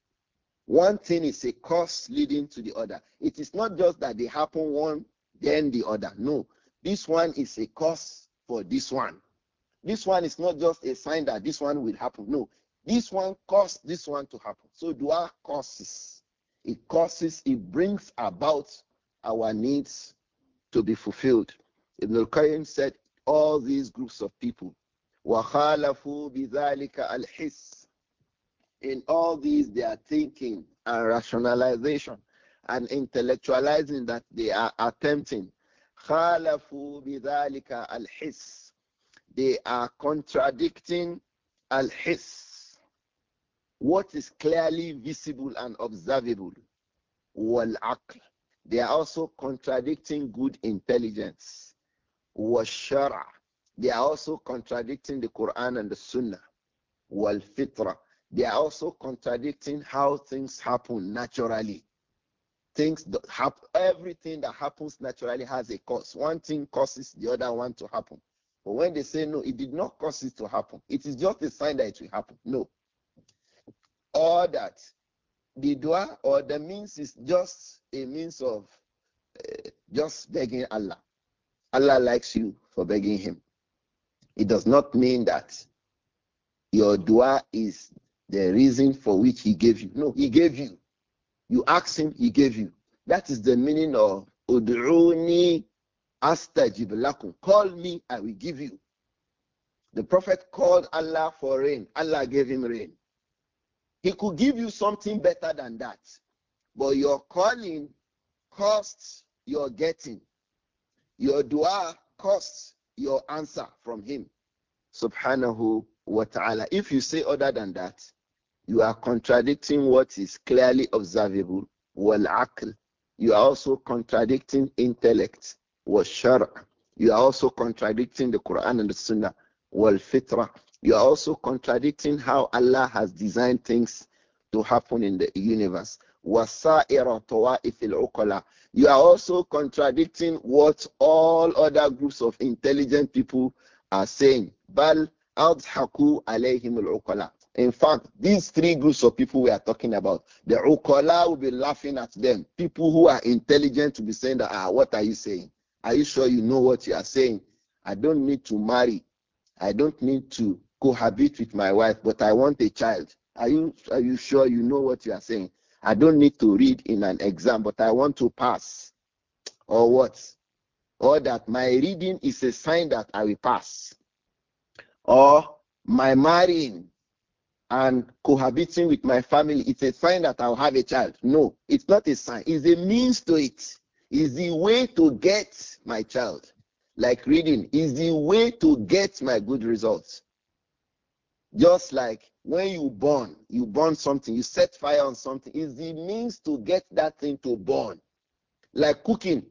One thing is a cause leading to the other. It is not just that they happen one, then the other. No. This one is a cause for this one. This one is not just a sign that this one will happen. No. This one caused this one to happen. So our causes. It causes, it brings about our needs to be fulfilled. Ibn al-Qayyim said, all these groups of people, وَخَالَفُوا بِذَلِكَ الْحِسِّ in all these, they are thinking and rationalization and intellectualizing that they are attempting. خالفوا بذلك الحس. They are contradicting al-his. What is clearly visible and observable. wal They are also contradicting good intelligence. wal They are also contradicting the Quran and the Sunnah. Wal-fitra they are also contradicting how things happen naturally. Things happen, everything that happens naturally has a cause. One thing causes the other one to happen. But when they say no, it did not cause it to happen. It is just a sign that it will happen. No. all that the dua or the means is just a means of uh, just begging Allah. Allah likes you for begging Him. It does not mean that your dua is the reason for which he gave you. No, he gave you. You asked him, he gave you. That is the meaning of Udruni Astajib lakum. Call me, I will give you. The prophet called Allah for rain. Allah gave him rain. He could give you something better than that. But your calling costs your getting. Your dua costs your answer from him. Subhanahu wa ta'ala. If you say other than that, you are contradicting what is clearly observable. Wal aql. You are also contradicting intellect. Wal shara. You are also contradicting the Quran and the Sunnah. Wal fitra. You are also contradicting how Allah has designed things to happen in the universe. وَسَائِرَ طَوَائِفِ الْعُقَلَى You are also contradicting what all other groups of intelligent people are saying. بَلْ أَضْحَكُوا عَلَيْهِمُ الْعُقَلَى in fact, these three groups of people we are talking about, the Ukola will be laughing at them. People who are intelligent will be saying that, ah, what are you saying? Are you sure you know what you are saying? I don't need to marry. I don't need to cohabit with my wife, but I want a child. Are you are you sure you know what you are saying? I don't need to read in an exam, but I want to pass. Or what? Or that my reading is a sign that I will pass. Or my marrying and cohabiting with my family, it's a sign that I'll have a child. No, it's not a sign. It's a means to it. It's the way to get my child. Like reading is the way to get my good results. Just like when you burn, you burn something, you set fire on something, is the means to get that thing to burn. Like cooking.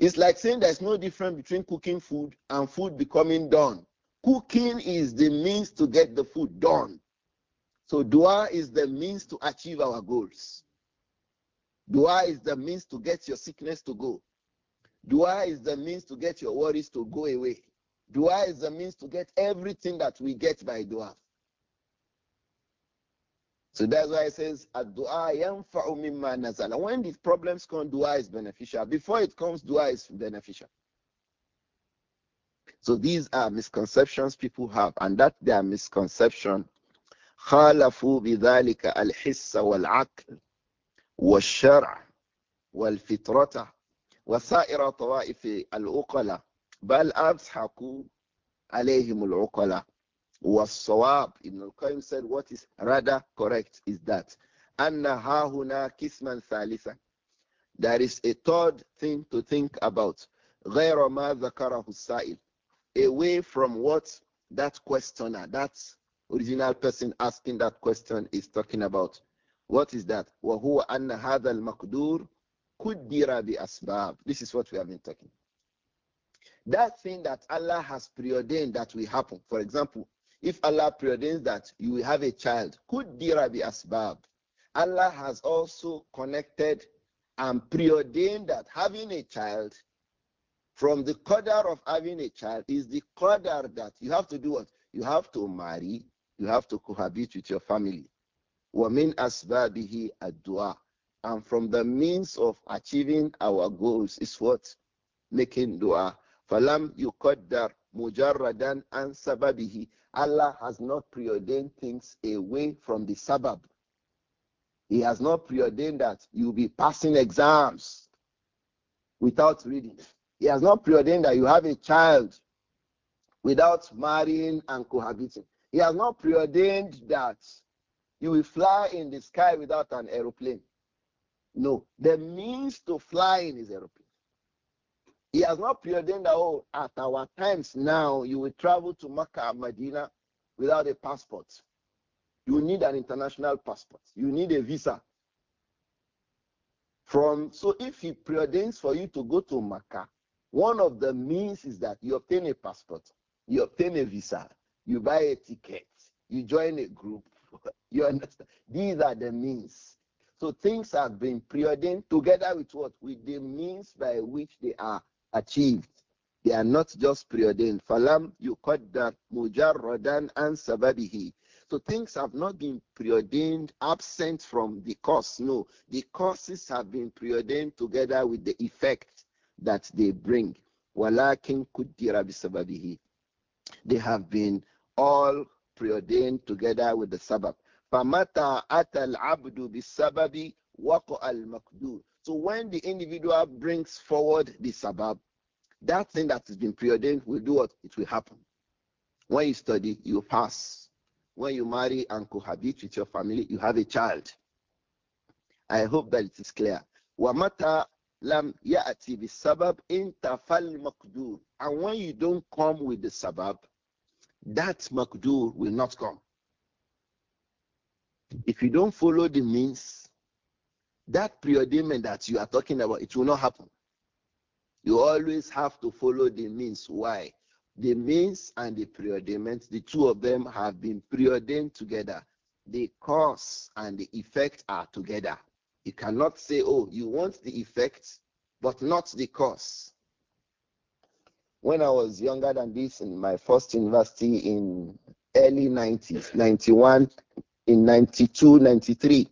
It's like saying there's no difference between cooking food and food becoming done. Cooking is the means to get the food done. So dua is the means to achieve our goals. Dua is the means to get your sickness to go. Dua is the means to get your worries to go away. Dua is the means to get everything that we get by dua. So that's why it says, Dua mimma nazala. When these problems come, dua is beneficial. Before it comes, dua is beneficial. So these are misconceptions people have, and that their misconception خالفوا بذلك الحس والعقل والشرع والفطرة وسائر طوائف العقلاء بل أضحكوا عليهم العقلاء والصواب Ibn al-Qayyim said what is rather correct is that أن ها هنا كسما ثالثا There is a third thing to think about غير ما ذكره السائل away from what that questioner that original person asking that question is talking about. What is that? وَهُوَ أَنَّ هَذَا الْمَقْدُورُ قُدِّرَ بِأَسْبَابٍ This is what we have been talking. That thing that Allah has preordained that will happen. For example, if Allah preordains that you will have a child, قُدِّرَ بِأَسْبَابٍ Allah has also connected and preordained that having a child from the qadar of having a child is the qadar that you have to do what? You have to marry, you have to cohabit with your family. Wamin أَسْبَابِهِ adua, And from the means of achieving our goals is what? Making dua. Falam يُقَدَّرْ mujarradan an سَبَبِهِ Allah has not preordained things away from the sabab. He has not preordained that you'll be passing exams without reading. He has not preordained that you have a child without marrying and cohabiting. He has not preordained that you will fly in the sky without an aeroplane. No, the means to fly in is aeroplane. He has not preordained that, oh, at our times now, you will travel to Makkah, Medina without a passport. You need an international passport. You need a visa. From so if he preordains for you to go to Makkah, one of the means is that you obtain a passport, you obtain a visa, you buy a ticket, you join a group. you understand? These are the means. So things have been preordained together with what? With the means by which they are achieved. They are not just preordained. Falam that mujarradan and sababihi. So things have not been preordained absent from the cause. No, the causes have been preordained together with the effect that they bring. Walakin kuddira bisababihi. They have been all preordained together with the sabab. فَمَتَى أَتَى الْعَبْدُ بِالسَّبَبِ al الْمَقْدُورِ So when the individual brings forward the sabab, that thing that has been preordained will do what? It will happen. When you study, you pass. When you marry and cohabit with your family, you have a child. I hope that it is clear. وَمَتَى lam ya'ati sabab intafal maqdur and when you don't come with the sabab that makdur will not come. If you don't follow the means, that preordainment that you are talking about, it will not happen. You always have to follow the means. Why? The means and the preordainment, the two of them have been preordained together. The cause and the effect are together. You cannot say, oh, you want the effect, but not the cause when I was younger than this in my first university in early 90s, 91, in 92, 93,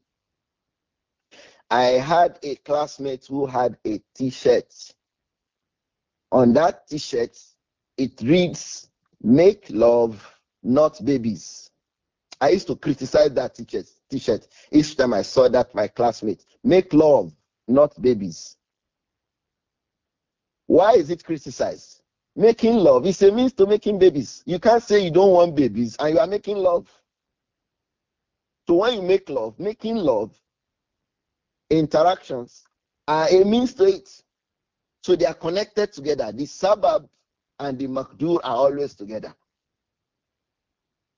I had a classmate who had a t-shirt. On that t-shirt, it reads, make love, not babies. I used to criticize that t-shirt, t-shirt each time I saw that my classmate. Make love, not babies. Why is it criticized? Making love is a means to making babies. You can't say you don't want babies and you are making love. So when you make love, making love, interactions are a means to it. So they are connected together. The sabab and the makdur are always together.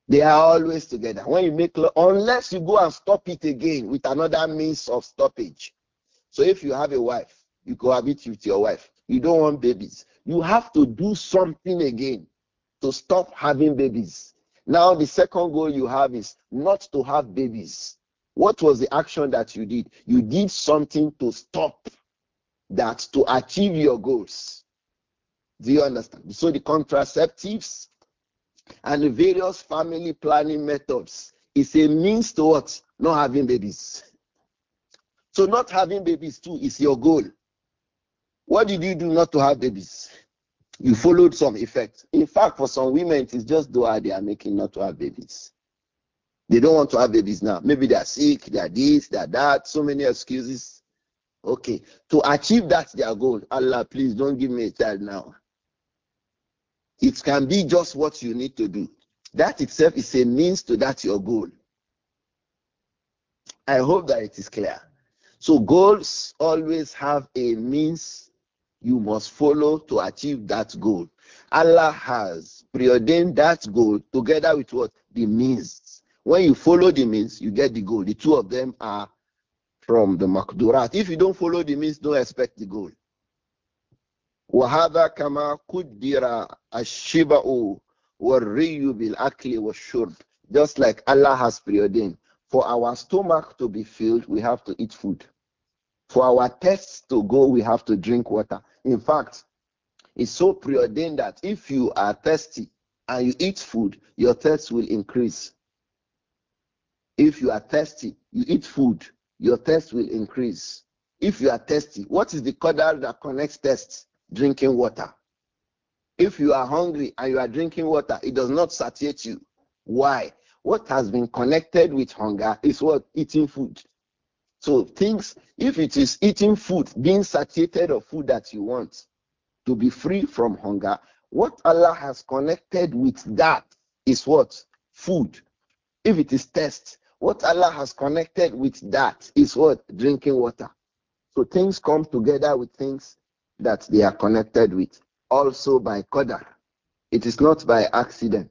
They are always together. When you make love, unless you go and stop it again with another means of stoppage. So if you have a wife, you cohabit with your wife. You don't want babies. You have to do something again to stop having babies. Now, the second goal you have is not to have babies. What was the action that you did? You did something to stop that to achieve your goals. Do you understand? So, the contraceptives and the various family planning methods is a means to what? Not having babies. So, not having babies too is your goal. What did you do not to have babies? You followed some effect. In fact, for some women, it is just way they are making not to have babies. They don't want to have babies now. Maybe they are sick, they are this, they are that, so many excuses. Okay. To achieve that, their goal, Allah, please don't give me a child now. It can be just what you need to do. That itself is a means to that your goal. I hope that it is clear. So goals always have a means you must follow to achieve that goal. Allah has preordained that goal together with what? The means. When you follow the means, you get the goal. The two of them are from the Makdurat. If you don't follow the means, don't expect the goal. وهذا كما قدر الشبع والري بالأكل والشرب just like Allah has preordained for our stomach to be filled we have to eat food for our tests to go, we have to drink water. In fact, it's so preordained that if you are thirsty and you eat food, your thirst will increase. If you are thirsty, you eat food, your thirst will increase. If you are thirsty, what is the cordial that connects thirst? Drinking water. If you are hungry and you are drinking water, it does not satiate you. Why? What has been connected with hunger is what? Eating food. So things, if it is eating food, being satiated of food that you want, to be free from hunger, what Allah has connected with that is what? Food. If it is thirst, what Allah has connected with that is what? Drinking water. So things come together with things that they are connected with. Also by qadar. It is not by accident.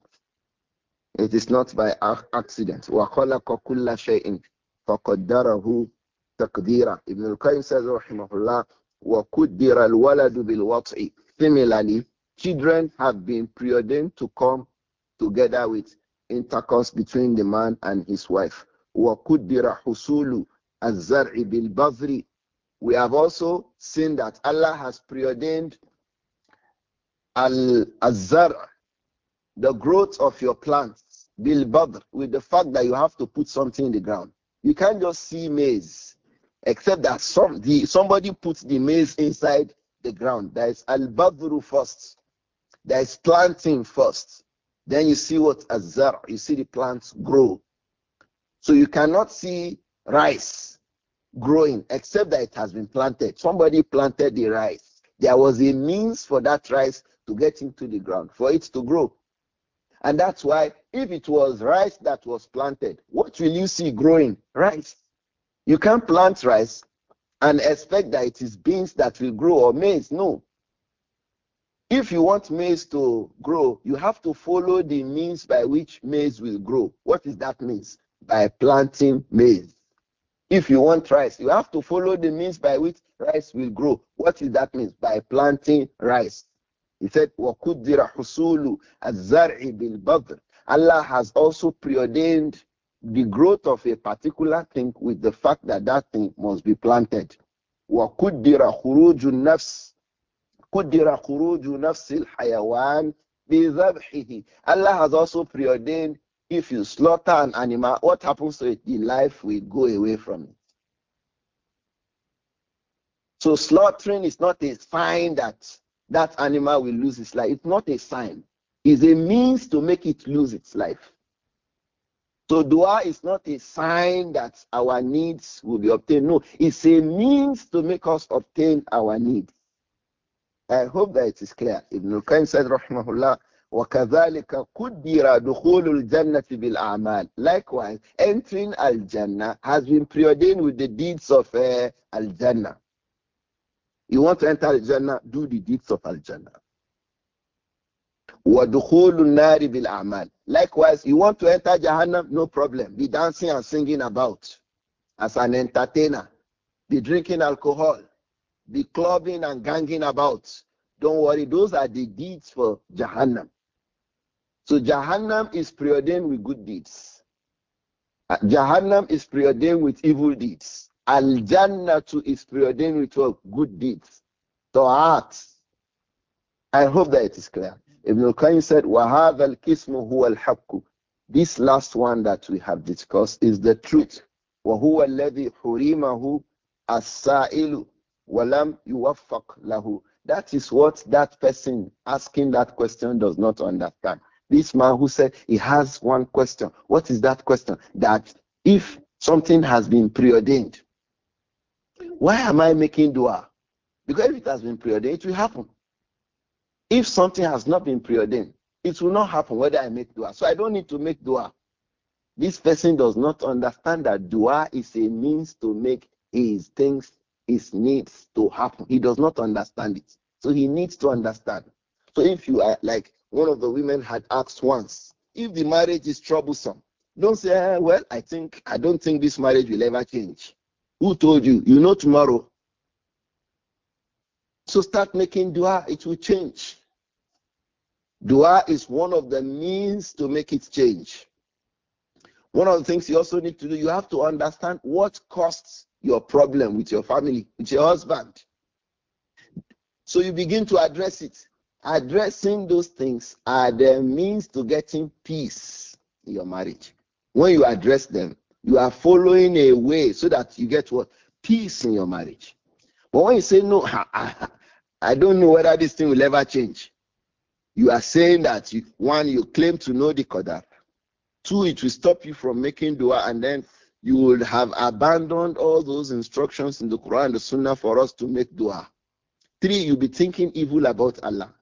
It is not by accident. وَخَلَقَ كُلَّ شَيْءٍ فَقَدَّرَهُ تقديرا وَقُدِّرَ الْوَلَدُ Similarly, children have been preordained to come together with intercourse between the man and his wife. وَقُدِّرَ حُصُولُ الزَّرْعِ بِالْبَذْرِ We have also seen that Allah has preordained al azhar the growth of your plants, bil with the fact that you have to put something in the ground. You can't just see maize except that some the somebody puts the maize inside the ground. There is al-badru first. There is planting first. Then you see what azar. You see the plants grow. So you cannot see rice growing except that it has been planted. Somebody planted the rice. There was a means for that rice to get into the ground for it to grow. And that's why if it was rice that was planted, what will you see growing? Rice. You can't plant rice and expect that it is beans that will grow or maize. No. If you want maize to grow, you have to follow the means by which maize will grow. What is that means? By planting maize. If you want rice, you have to follow the means by which rice will grow. What is that means? By planting rice. He said, وَقُدِّرَ حُصُولُ الزَّرْعِ بِالْبَذْرِ Allah has also preordained the growth of a particular thing with the fact that that thing must be planted. Allah has also preordained if you slaughter an animal, what happens to it? The life will go away from it. So slaughtering is not a sign that that animal will lose its life. It's not a sign. It's a means to make it lose its life. So dua is not a sign that our needs will be obtained. No, it's a means to make us obtain our needs. I hope that it is clear. Ibn al-Qayyim said, rahmahullah, وَكَذَلِكَ قُدِّرَ دُخُولُ الْجَنَّةِ بِالْأَعْمَالِ Likewise, entering al-Jannah has been preordained with the deeds of uh, al-Jannah. You want to enter al-Jannah, do the deeds of al-Jannah. وَدُخُولُ النَّارِ بِالْأَعْمَالِ Likewise, you want to enter Jahannam? No problem. Be dancing and singing about as an entertainer. Be drinking alcohol. Be clubbing and ganging about. Don't worry, those are the deeds for Jahannam. So Jahannam is preordained with good deeds. Uh, Jahannam is preordained with evil deeds. Al Jannah too is preordained with good deeds. So heart. I hope that it is clear. Ibn al-Qayyim said, وَهَذَا الْكِسْمُ هُوَ الْحَقُّ This last one that we have discussed is the truth. وَهُوَ الَّذِي حُرِمَهُ السَّائِلُ وَلَمْ يُوَفَّقْ لَهُ That is what that person asking that question does not understand. This man who said he has one question. What is that question? That if something has been preordained, why am I making dua? Because if it has been preordained, it will happen. If something has not been preordained, it will not happen whether I make dua. So I don't need to make dua. This person does not understand that dua is a means to make his things, his needs to happen. He does not understand it. So he needs to understand. So if you are like one of the women had asked once, if the marriage is troublesome, don't say, eh, well, I think I don't think this marriage will ever change. Who told you? You know tomorrow. So start making dua, it will change. Dua is one of the means to make it change. One of the things you also need to do, you have to understand what costs your problem with your family, with your husband. So you begin to address it. Addressing those things are the means to getting peace in your marriage. When you address them, you are following a way so that you get what? Peace in your marriage. But when you say, no, I don't know whether this thing will ever change. You are saying that you, one, you claim to know the Qadar. Two, it will stop you from making dua, and then you will have abandoned all those instructions in the Quran and the Sunnah for us to make dua. Three, you'll be thinking evil about Allah.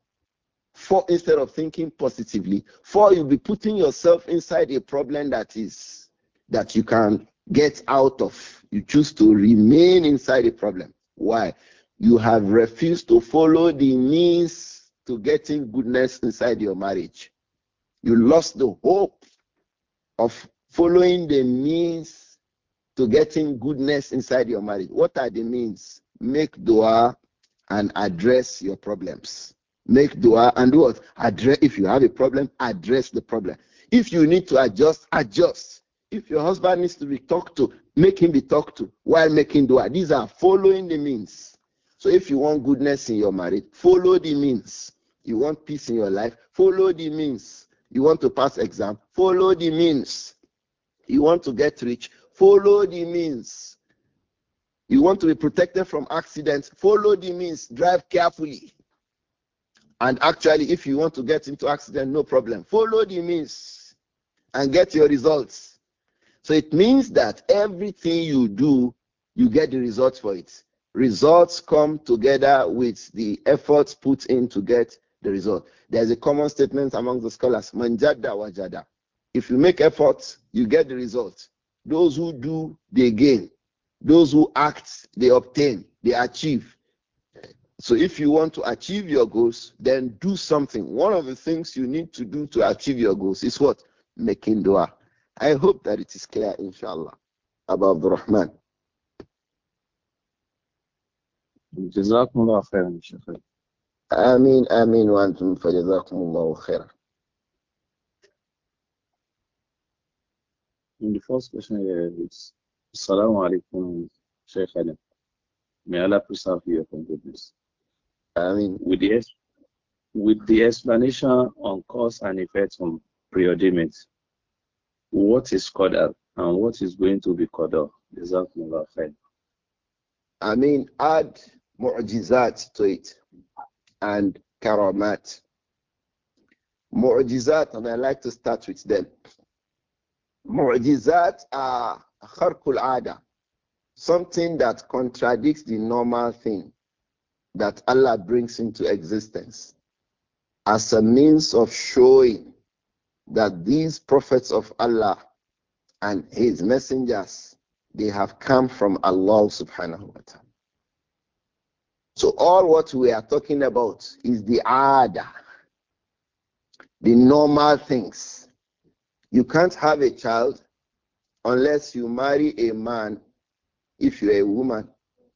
Four, instead of thinking positively. Four, you'll be putting yourself inside a problem that is that you can get out of. You choose to remain inside a problem. Why? You have refused to follow the means to getting goodness inside your marriage. You lost the hope of following the means to getting goodness inside your marriage. What are the means? Make dua and address your problems. Make dua and do what? Address if you have a problem, address the problem. If you need to adjust, adjust. If your husband needs to be talked to, make him be talked to while making dua. These are following the means. So if you want goodness in your marriage, follow the means. You want peace in your life, follow the means. You want to pass exam, follow the means. You want to get rich, follow the means. You want to be protected from accidents, follow the means. Drive carefully. And actually, if you want to get into accident, no problem. Follow the means and get your results. So it means that everything you do, you get the results for it results come together with the efforts put in to get the result. There's a common statement among the scholars, manjada wajada. If you make efforts, you get the result. Those who do, they gain. Those who act, they obtain, they achieve. So if you want to achieve your goals, then do something. One of the things you need to do to achieve your goals is what? Making dua. I hope that it is clear, inshallah. the Abdurrahman. جزاكم الله خيرا يا شيخ آمين آمين وأنتم فجزاكم الله خيرا The first question is Assalamu alaikum, Shaykh Adam. May Allah preserve you from goodness. I mean, with the, with the explanation on cause and effect on preordainment, what is Qadar and what is going to be Qadar? Jazakumullah khair. I mean, add mu'jizat to it and karamat. Mu'jizat, and I like to start with them. Mu'jizat are kharkul ada, something that contradicts the normal thing that Allah brings into existence as a means of showing that these prophets of Allah and his messengers they have come from Allah subhanahu wa ta'ala so all what we are talking about is the ada, the normal things. You can't have a child unless you marry a man if you're a woman,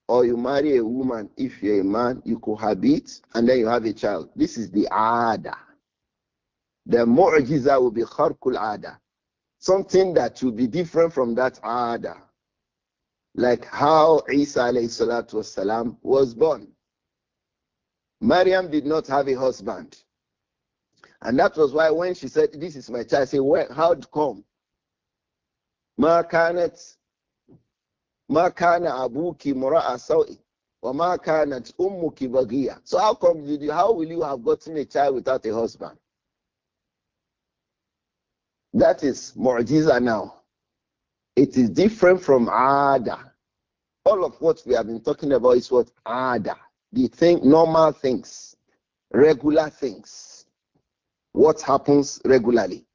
or you marry a woman if you're a man, you cohabit and then you have a child. This is the ada. The mu'jiza will be kharkul ada, something that will be different from that ada like how Isa والسلام, was born. Maryam did not have a husband. And that was why when she said, This is my child, I said, well, How'd come? ما كانت ما كان Asawi, مرأة سوء so how come did you how will you have gotten a child without a husband that is mu'jiza now it is different from Ada. All of what we have been talking about is what Ada, the thing, normal things, regular things, what happens regularly.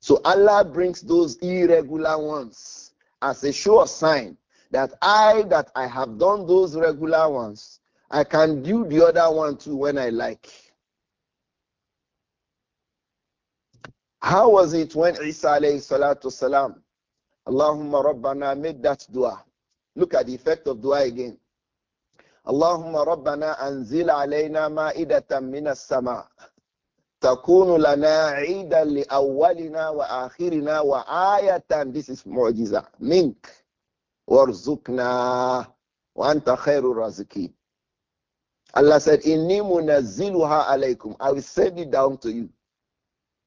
So Allah brings those irregular ones as a sure sign that I that I have done those regular ones, I can do the other one too when I like. How was it when Isa alayhi salatu salam Allahumma Rabbana made that dua. Look at the effect of dua again. Allahumma Rabbana anzil alayna ma'idatan minas sama' takunu lana idan li awwalina wa akhirina wa ayatan this is mu'jiza mink warzuqna wa anta khairur raziqin Allah said inni munazziluha alaykum I will send it down to you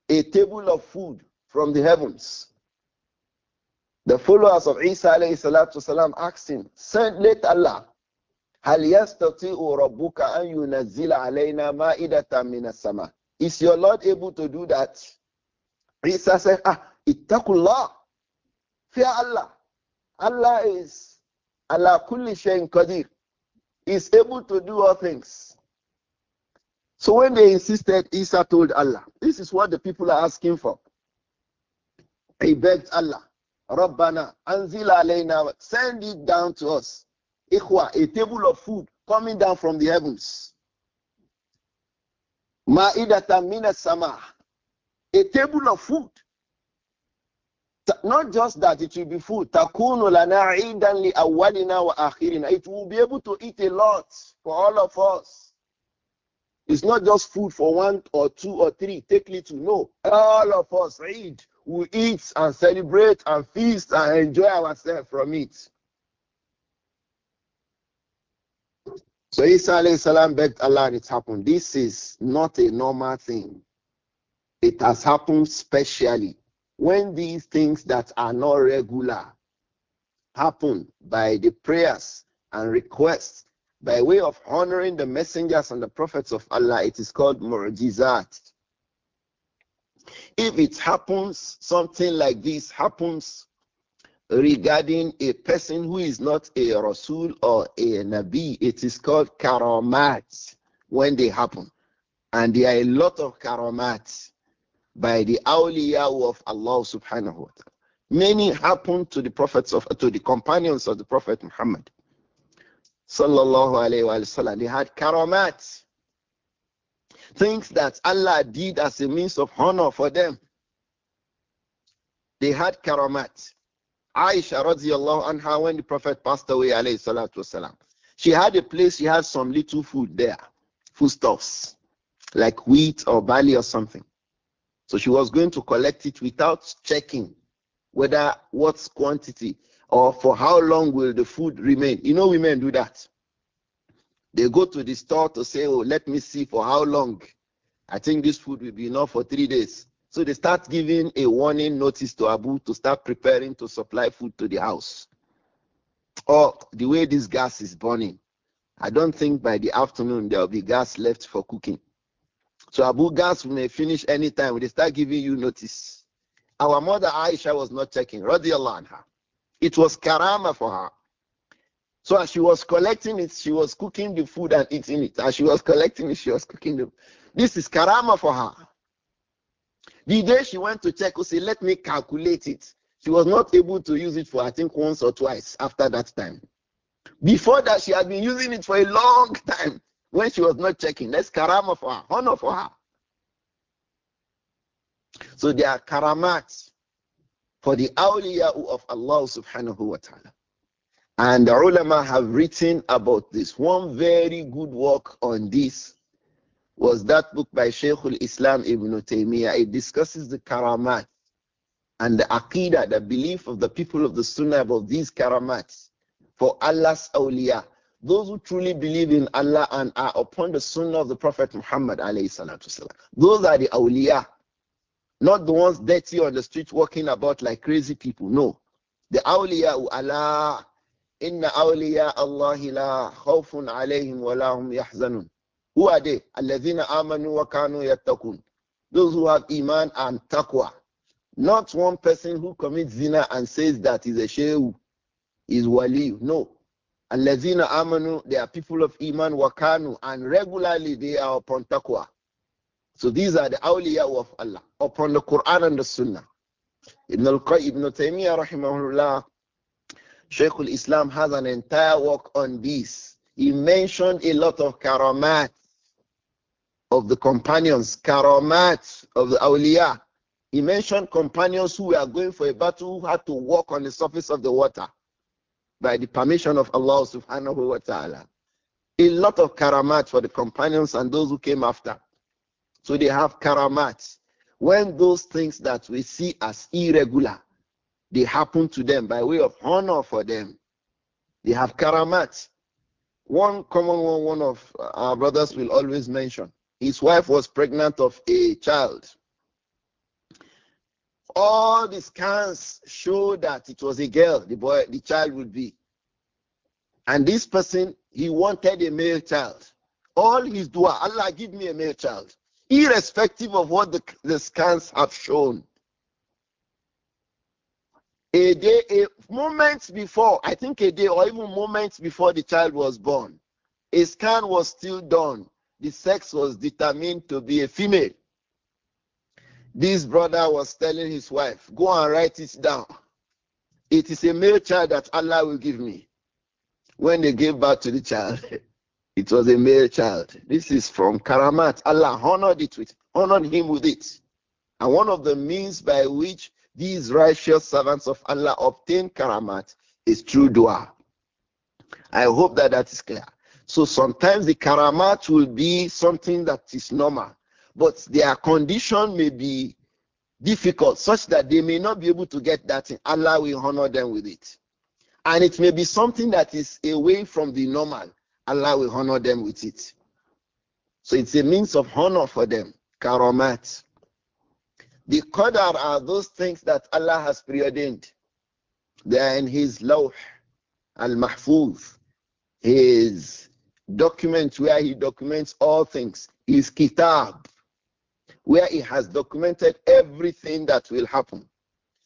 a table of food from the heavens the followers of Isa alayhi salatu salam asked him, Send let Allah. هل يستطيع ربك أن ينزل علينا مائدة من السماء Is your Lord able to do that? Isa said, Ah, ittaqullah. Fear Allah. Allah is Allah kulli shayin qadir. Is able to do all things. So when they insisted, Isa told Allah, This is what the people are asking for. He begged Allah. Rabbana, anzil alayna, send it down to us. Ikhwa, a table of food coming down from the heavens. Ma'idata minas sama, a table of food. Not just that, it will be food. Takunu lana idan li awalina wa akhirina. It will be able to eat a lot for all of us. It's not just food for one or two or three. Take little. No, all of us. Eid we eat and celebrate and feast and enjoy ourselves from it. So Isa salam begged Allah and it happened. This is not a normal thing. It has happened specially. When these things that are not regular happen by the prayers and requests, by way of honoring the messengers and the prophets of Allah, it is called murjizat. If it happens, something like this happens regarding a person who is not a Rasul or a Nabi, it is called karamat when they happen. And there are a lot of karamat by the awliya of Allah subhanahu wa ta'ala. Many happened to the prophets of to the companions of the Prophet Muhammad. Sallallahu alayhi wa They had karamat. Things that Allah did as a means of honor for them. They had karamat. Aisha radiallahu anha, when the Prophet passed away, alayhi salatu wasalam, she had a place, she had some little food there, foodstuffs, like wheat or barley or something. So she was going to collect it without checking whether what quantity or for how long will the food remain. You know, women do that. They go to the store to say, Oh, let me see for how long. I think this food will be enough for three days. So they start giving a warning notice to Abu to start preparing to supply food to the house. Or the way this gas is burning, I don't think by the afternoon there will be gas left for cooking. So Abu gas may finish anytime. They start giving you notice. Our mother Aisha was not checking. Radiallahu anha. It was karama for her. So as she was collecting it, she was cooking the food and eating it. As she was collecting it, she was cooking the. This is karama for her. The day she went to check, she said, "Let me calculate it." She was not able to use it for I think once or twice after that time. Before that, she had been using it for a long time when she was not checking. That's karama for her, honor for her. So there are karamats for the awliya of Allah subhanahu wa ta'ala. And the ulama have written about this. One very good work on this was that book by Shaykh al-Islam Ibn Taymiyyah. It discusses the karamat and the aqidah, the belief of the people of the Sunnah about these karamat for Allah's awliya. Those who truly believe in Allah and are upon the Sunnah of the Prophet Muhammad salatu Those are the awliya, not the ones dirty on the street walking about like crazy people. No, the awliya Allah إن awliya الله لا خوف عليهم wa lahum yahzanun. Who are they? Alladhina amanu wa kanu yattaqun. Those who have iman and taqwa. Not one person who commits zina and says that is a shehu, is wali. No. الذين amanu, they are people of iman وَكَانُوا, and regularly they are upon taqwa. So these are the awliya of Allah, upon the Quran and the Sunnah. Ibn al-Qayyim, Ibn Taymiyyah rahimahullah, sheik al-Islam has an entire work on this. He mentioned a lot of karamat of the companions, karamat of the awliya. He mentioned companions who were going for a battle who had to walk on the surface of the water by the permission of Allah subhanahu wa ta'ala. A lot of karamat for the companions and those who came after. So they have karamat. When those things that we see as irregular, they happen to them by way of honor for them. They have karamat. One common one, one of uh, our brothers will always mention. His wife was pregnant of a child. All the scans show that it was a girl, the boy, the child would be. And this person, he wanted a male child. All his dua, Allah give me a male child, irrespective of what the, the scans have shown a day, a moments before, I think a day or even moments before the child was born, a scan was still done. The sex was determined to be a female. This brother was telling his wife, Go and write it down. It is a male child that Allah will give me. When they gave birth to the child, it was a male child. This is from Karamat. Allah honored it with honored him with it. And one of the means by which these righteous servants of Allah obtain karamat is through dua. I hope that that is clear. So sometimes the karamat will be something that is normal, but their condition may be difficult such that they may not be able to get that thing. Allah will honor them with it. And it may be something that is away from the normal. Allah will honor them with it. So it's a means of honor for them. Karamat. The qadar are those things that Allah has preordained. They are in His lawh al-mahfuz, His document where He documents all things, His kitab, where He has documented everything that will happen.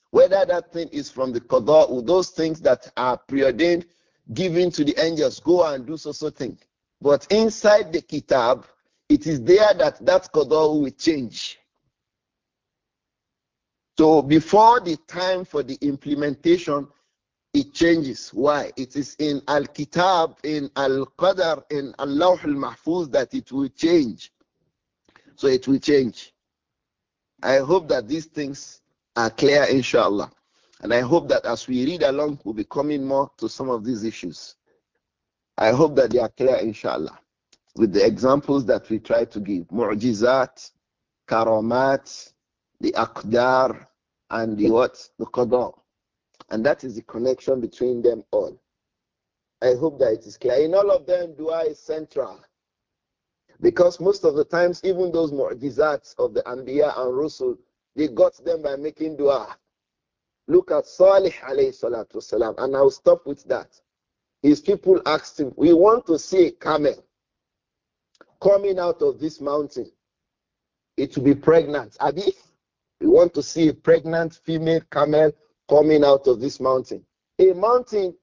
Whether that thing is from the qadar or those things that are preordained, given to the angels, go and do so so thing. But inside the kitab, it is there that that qadar will change. So before the time for the implementation, it changes. Why? It is in Al Kitab, in Al Qadr, in Allah Al Mahfuz that it will change. So it will change. I hope that these things are clear, inshallah. And I hope that as we read along, we'll be coming more to some of these issues. I hope that they are clear, inshallah, with the examples that we try to give. Mu'jizat, karamat, the Akdar, and the what? The Qadar. And that is the connection between them all. I hope that it is clear. In all of them, dua is central. Because most of the times, even those deserts of the Anbiya and Rusul, they got them by making dua. Look at Salih alayhi salatu salam, and I'll stop with that. His people asked him, We want to see a camel coming out of this mountain. It will be pregnant. Abi? We want to see a pregnant female camel coming out of this mountain. A mountain.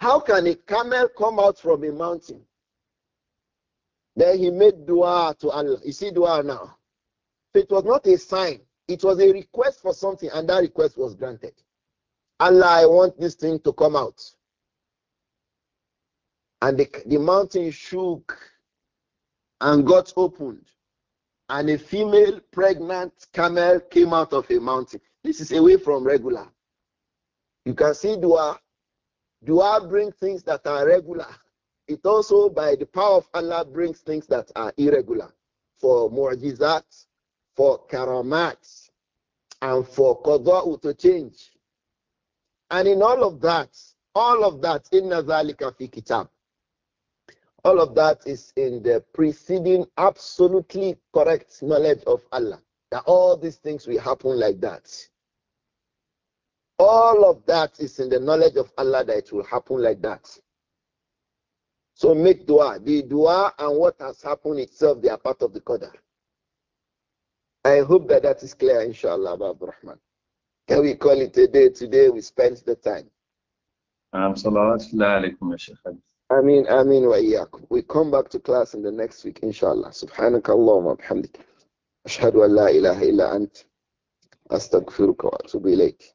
How can a camel come out from a mountain? Then he made dua to Allah. You see dua now. So it was not a sign. It was a request for something, and that request was granted. Allah, I want this thing to come out. And the, the mountain shook and got opened and a female pregnant camel came out of a mountain. This is away from regular. You can see dua. Dua brings things that are regular. It also, by the power of Allah, brings things that are irregular. For mu'jizat, for karamat, and for qada'u to change. And in all of that, all of that, in nazalika fi kitab. All of that is in the preceding absolutely correct knowledge of Allah. That all these things will happen like that. All of that is in the knowledge of Allah that it will happen like that. So make dua. The dua and what has happened itself, they are part of the qadar. I hope that that is clear, inshallah, Abu Rahman. Can we call it a day? Today we spent the time. Um, Ameen, ameen wa iyyakum. We come back to class in the next week, inshallah. Subhanaka Allahumma bihamdik. Ashhadu an la ilaha illa ant. Astaghfiruka wa atubu ilayk.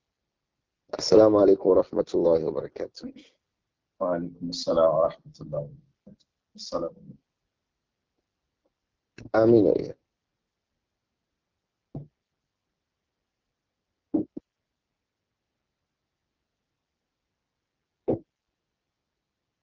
Assalamu alaikum wa rahmatullahi wa barakatuh. Wa alaikum assalam wa rahmatullahi wa barakatuh. Assalamu alaikum. Ameen wa iyyakum.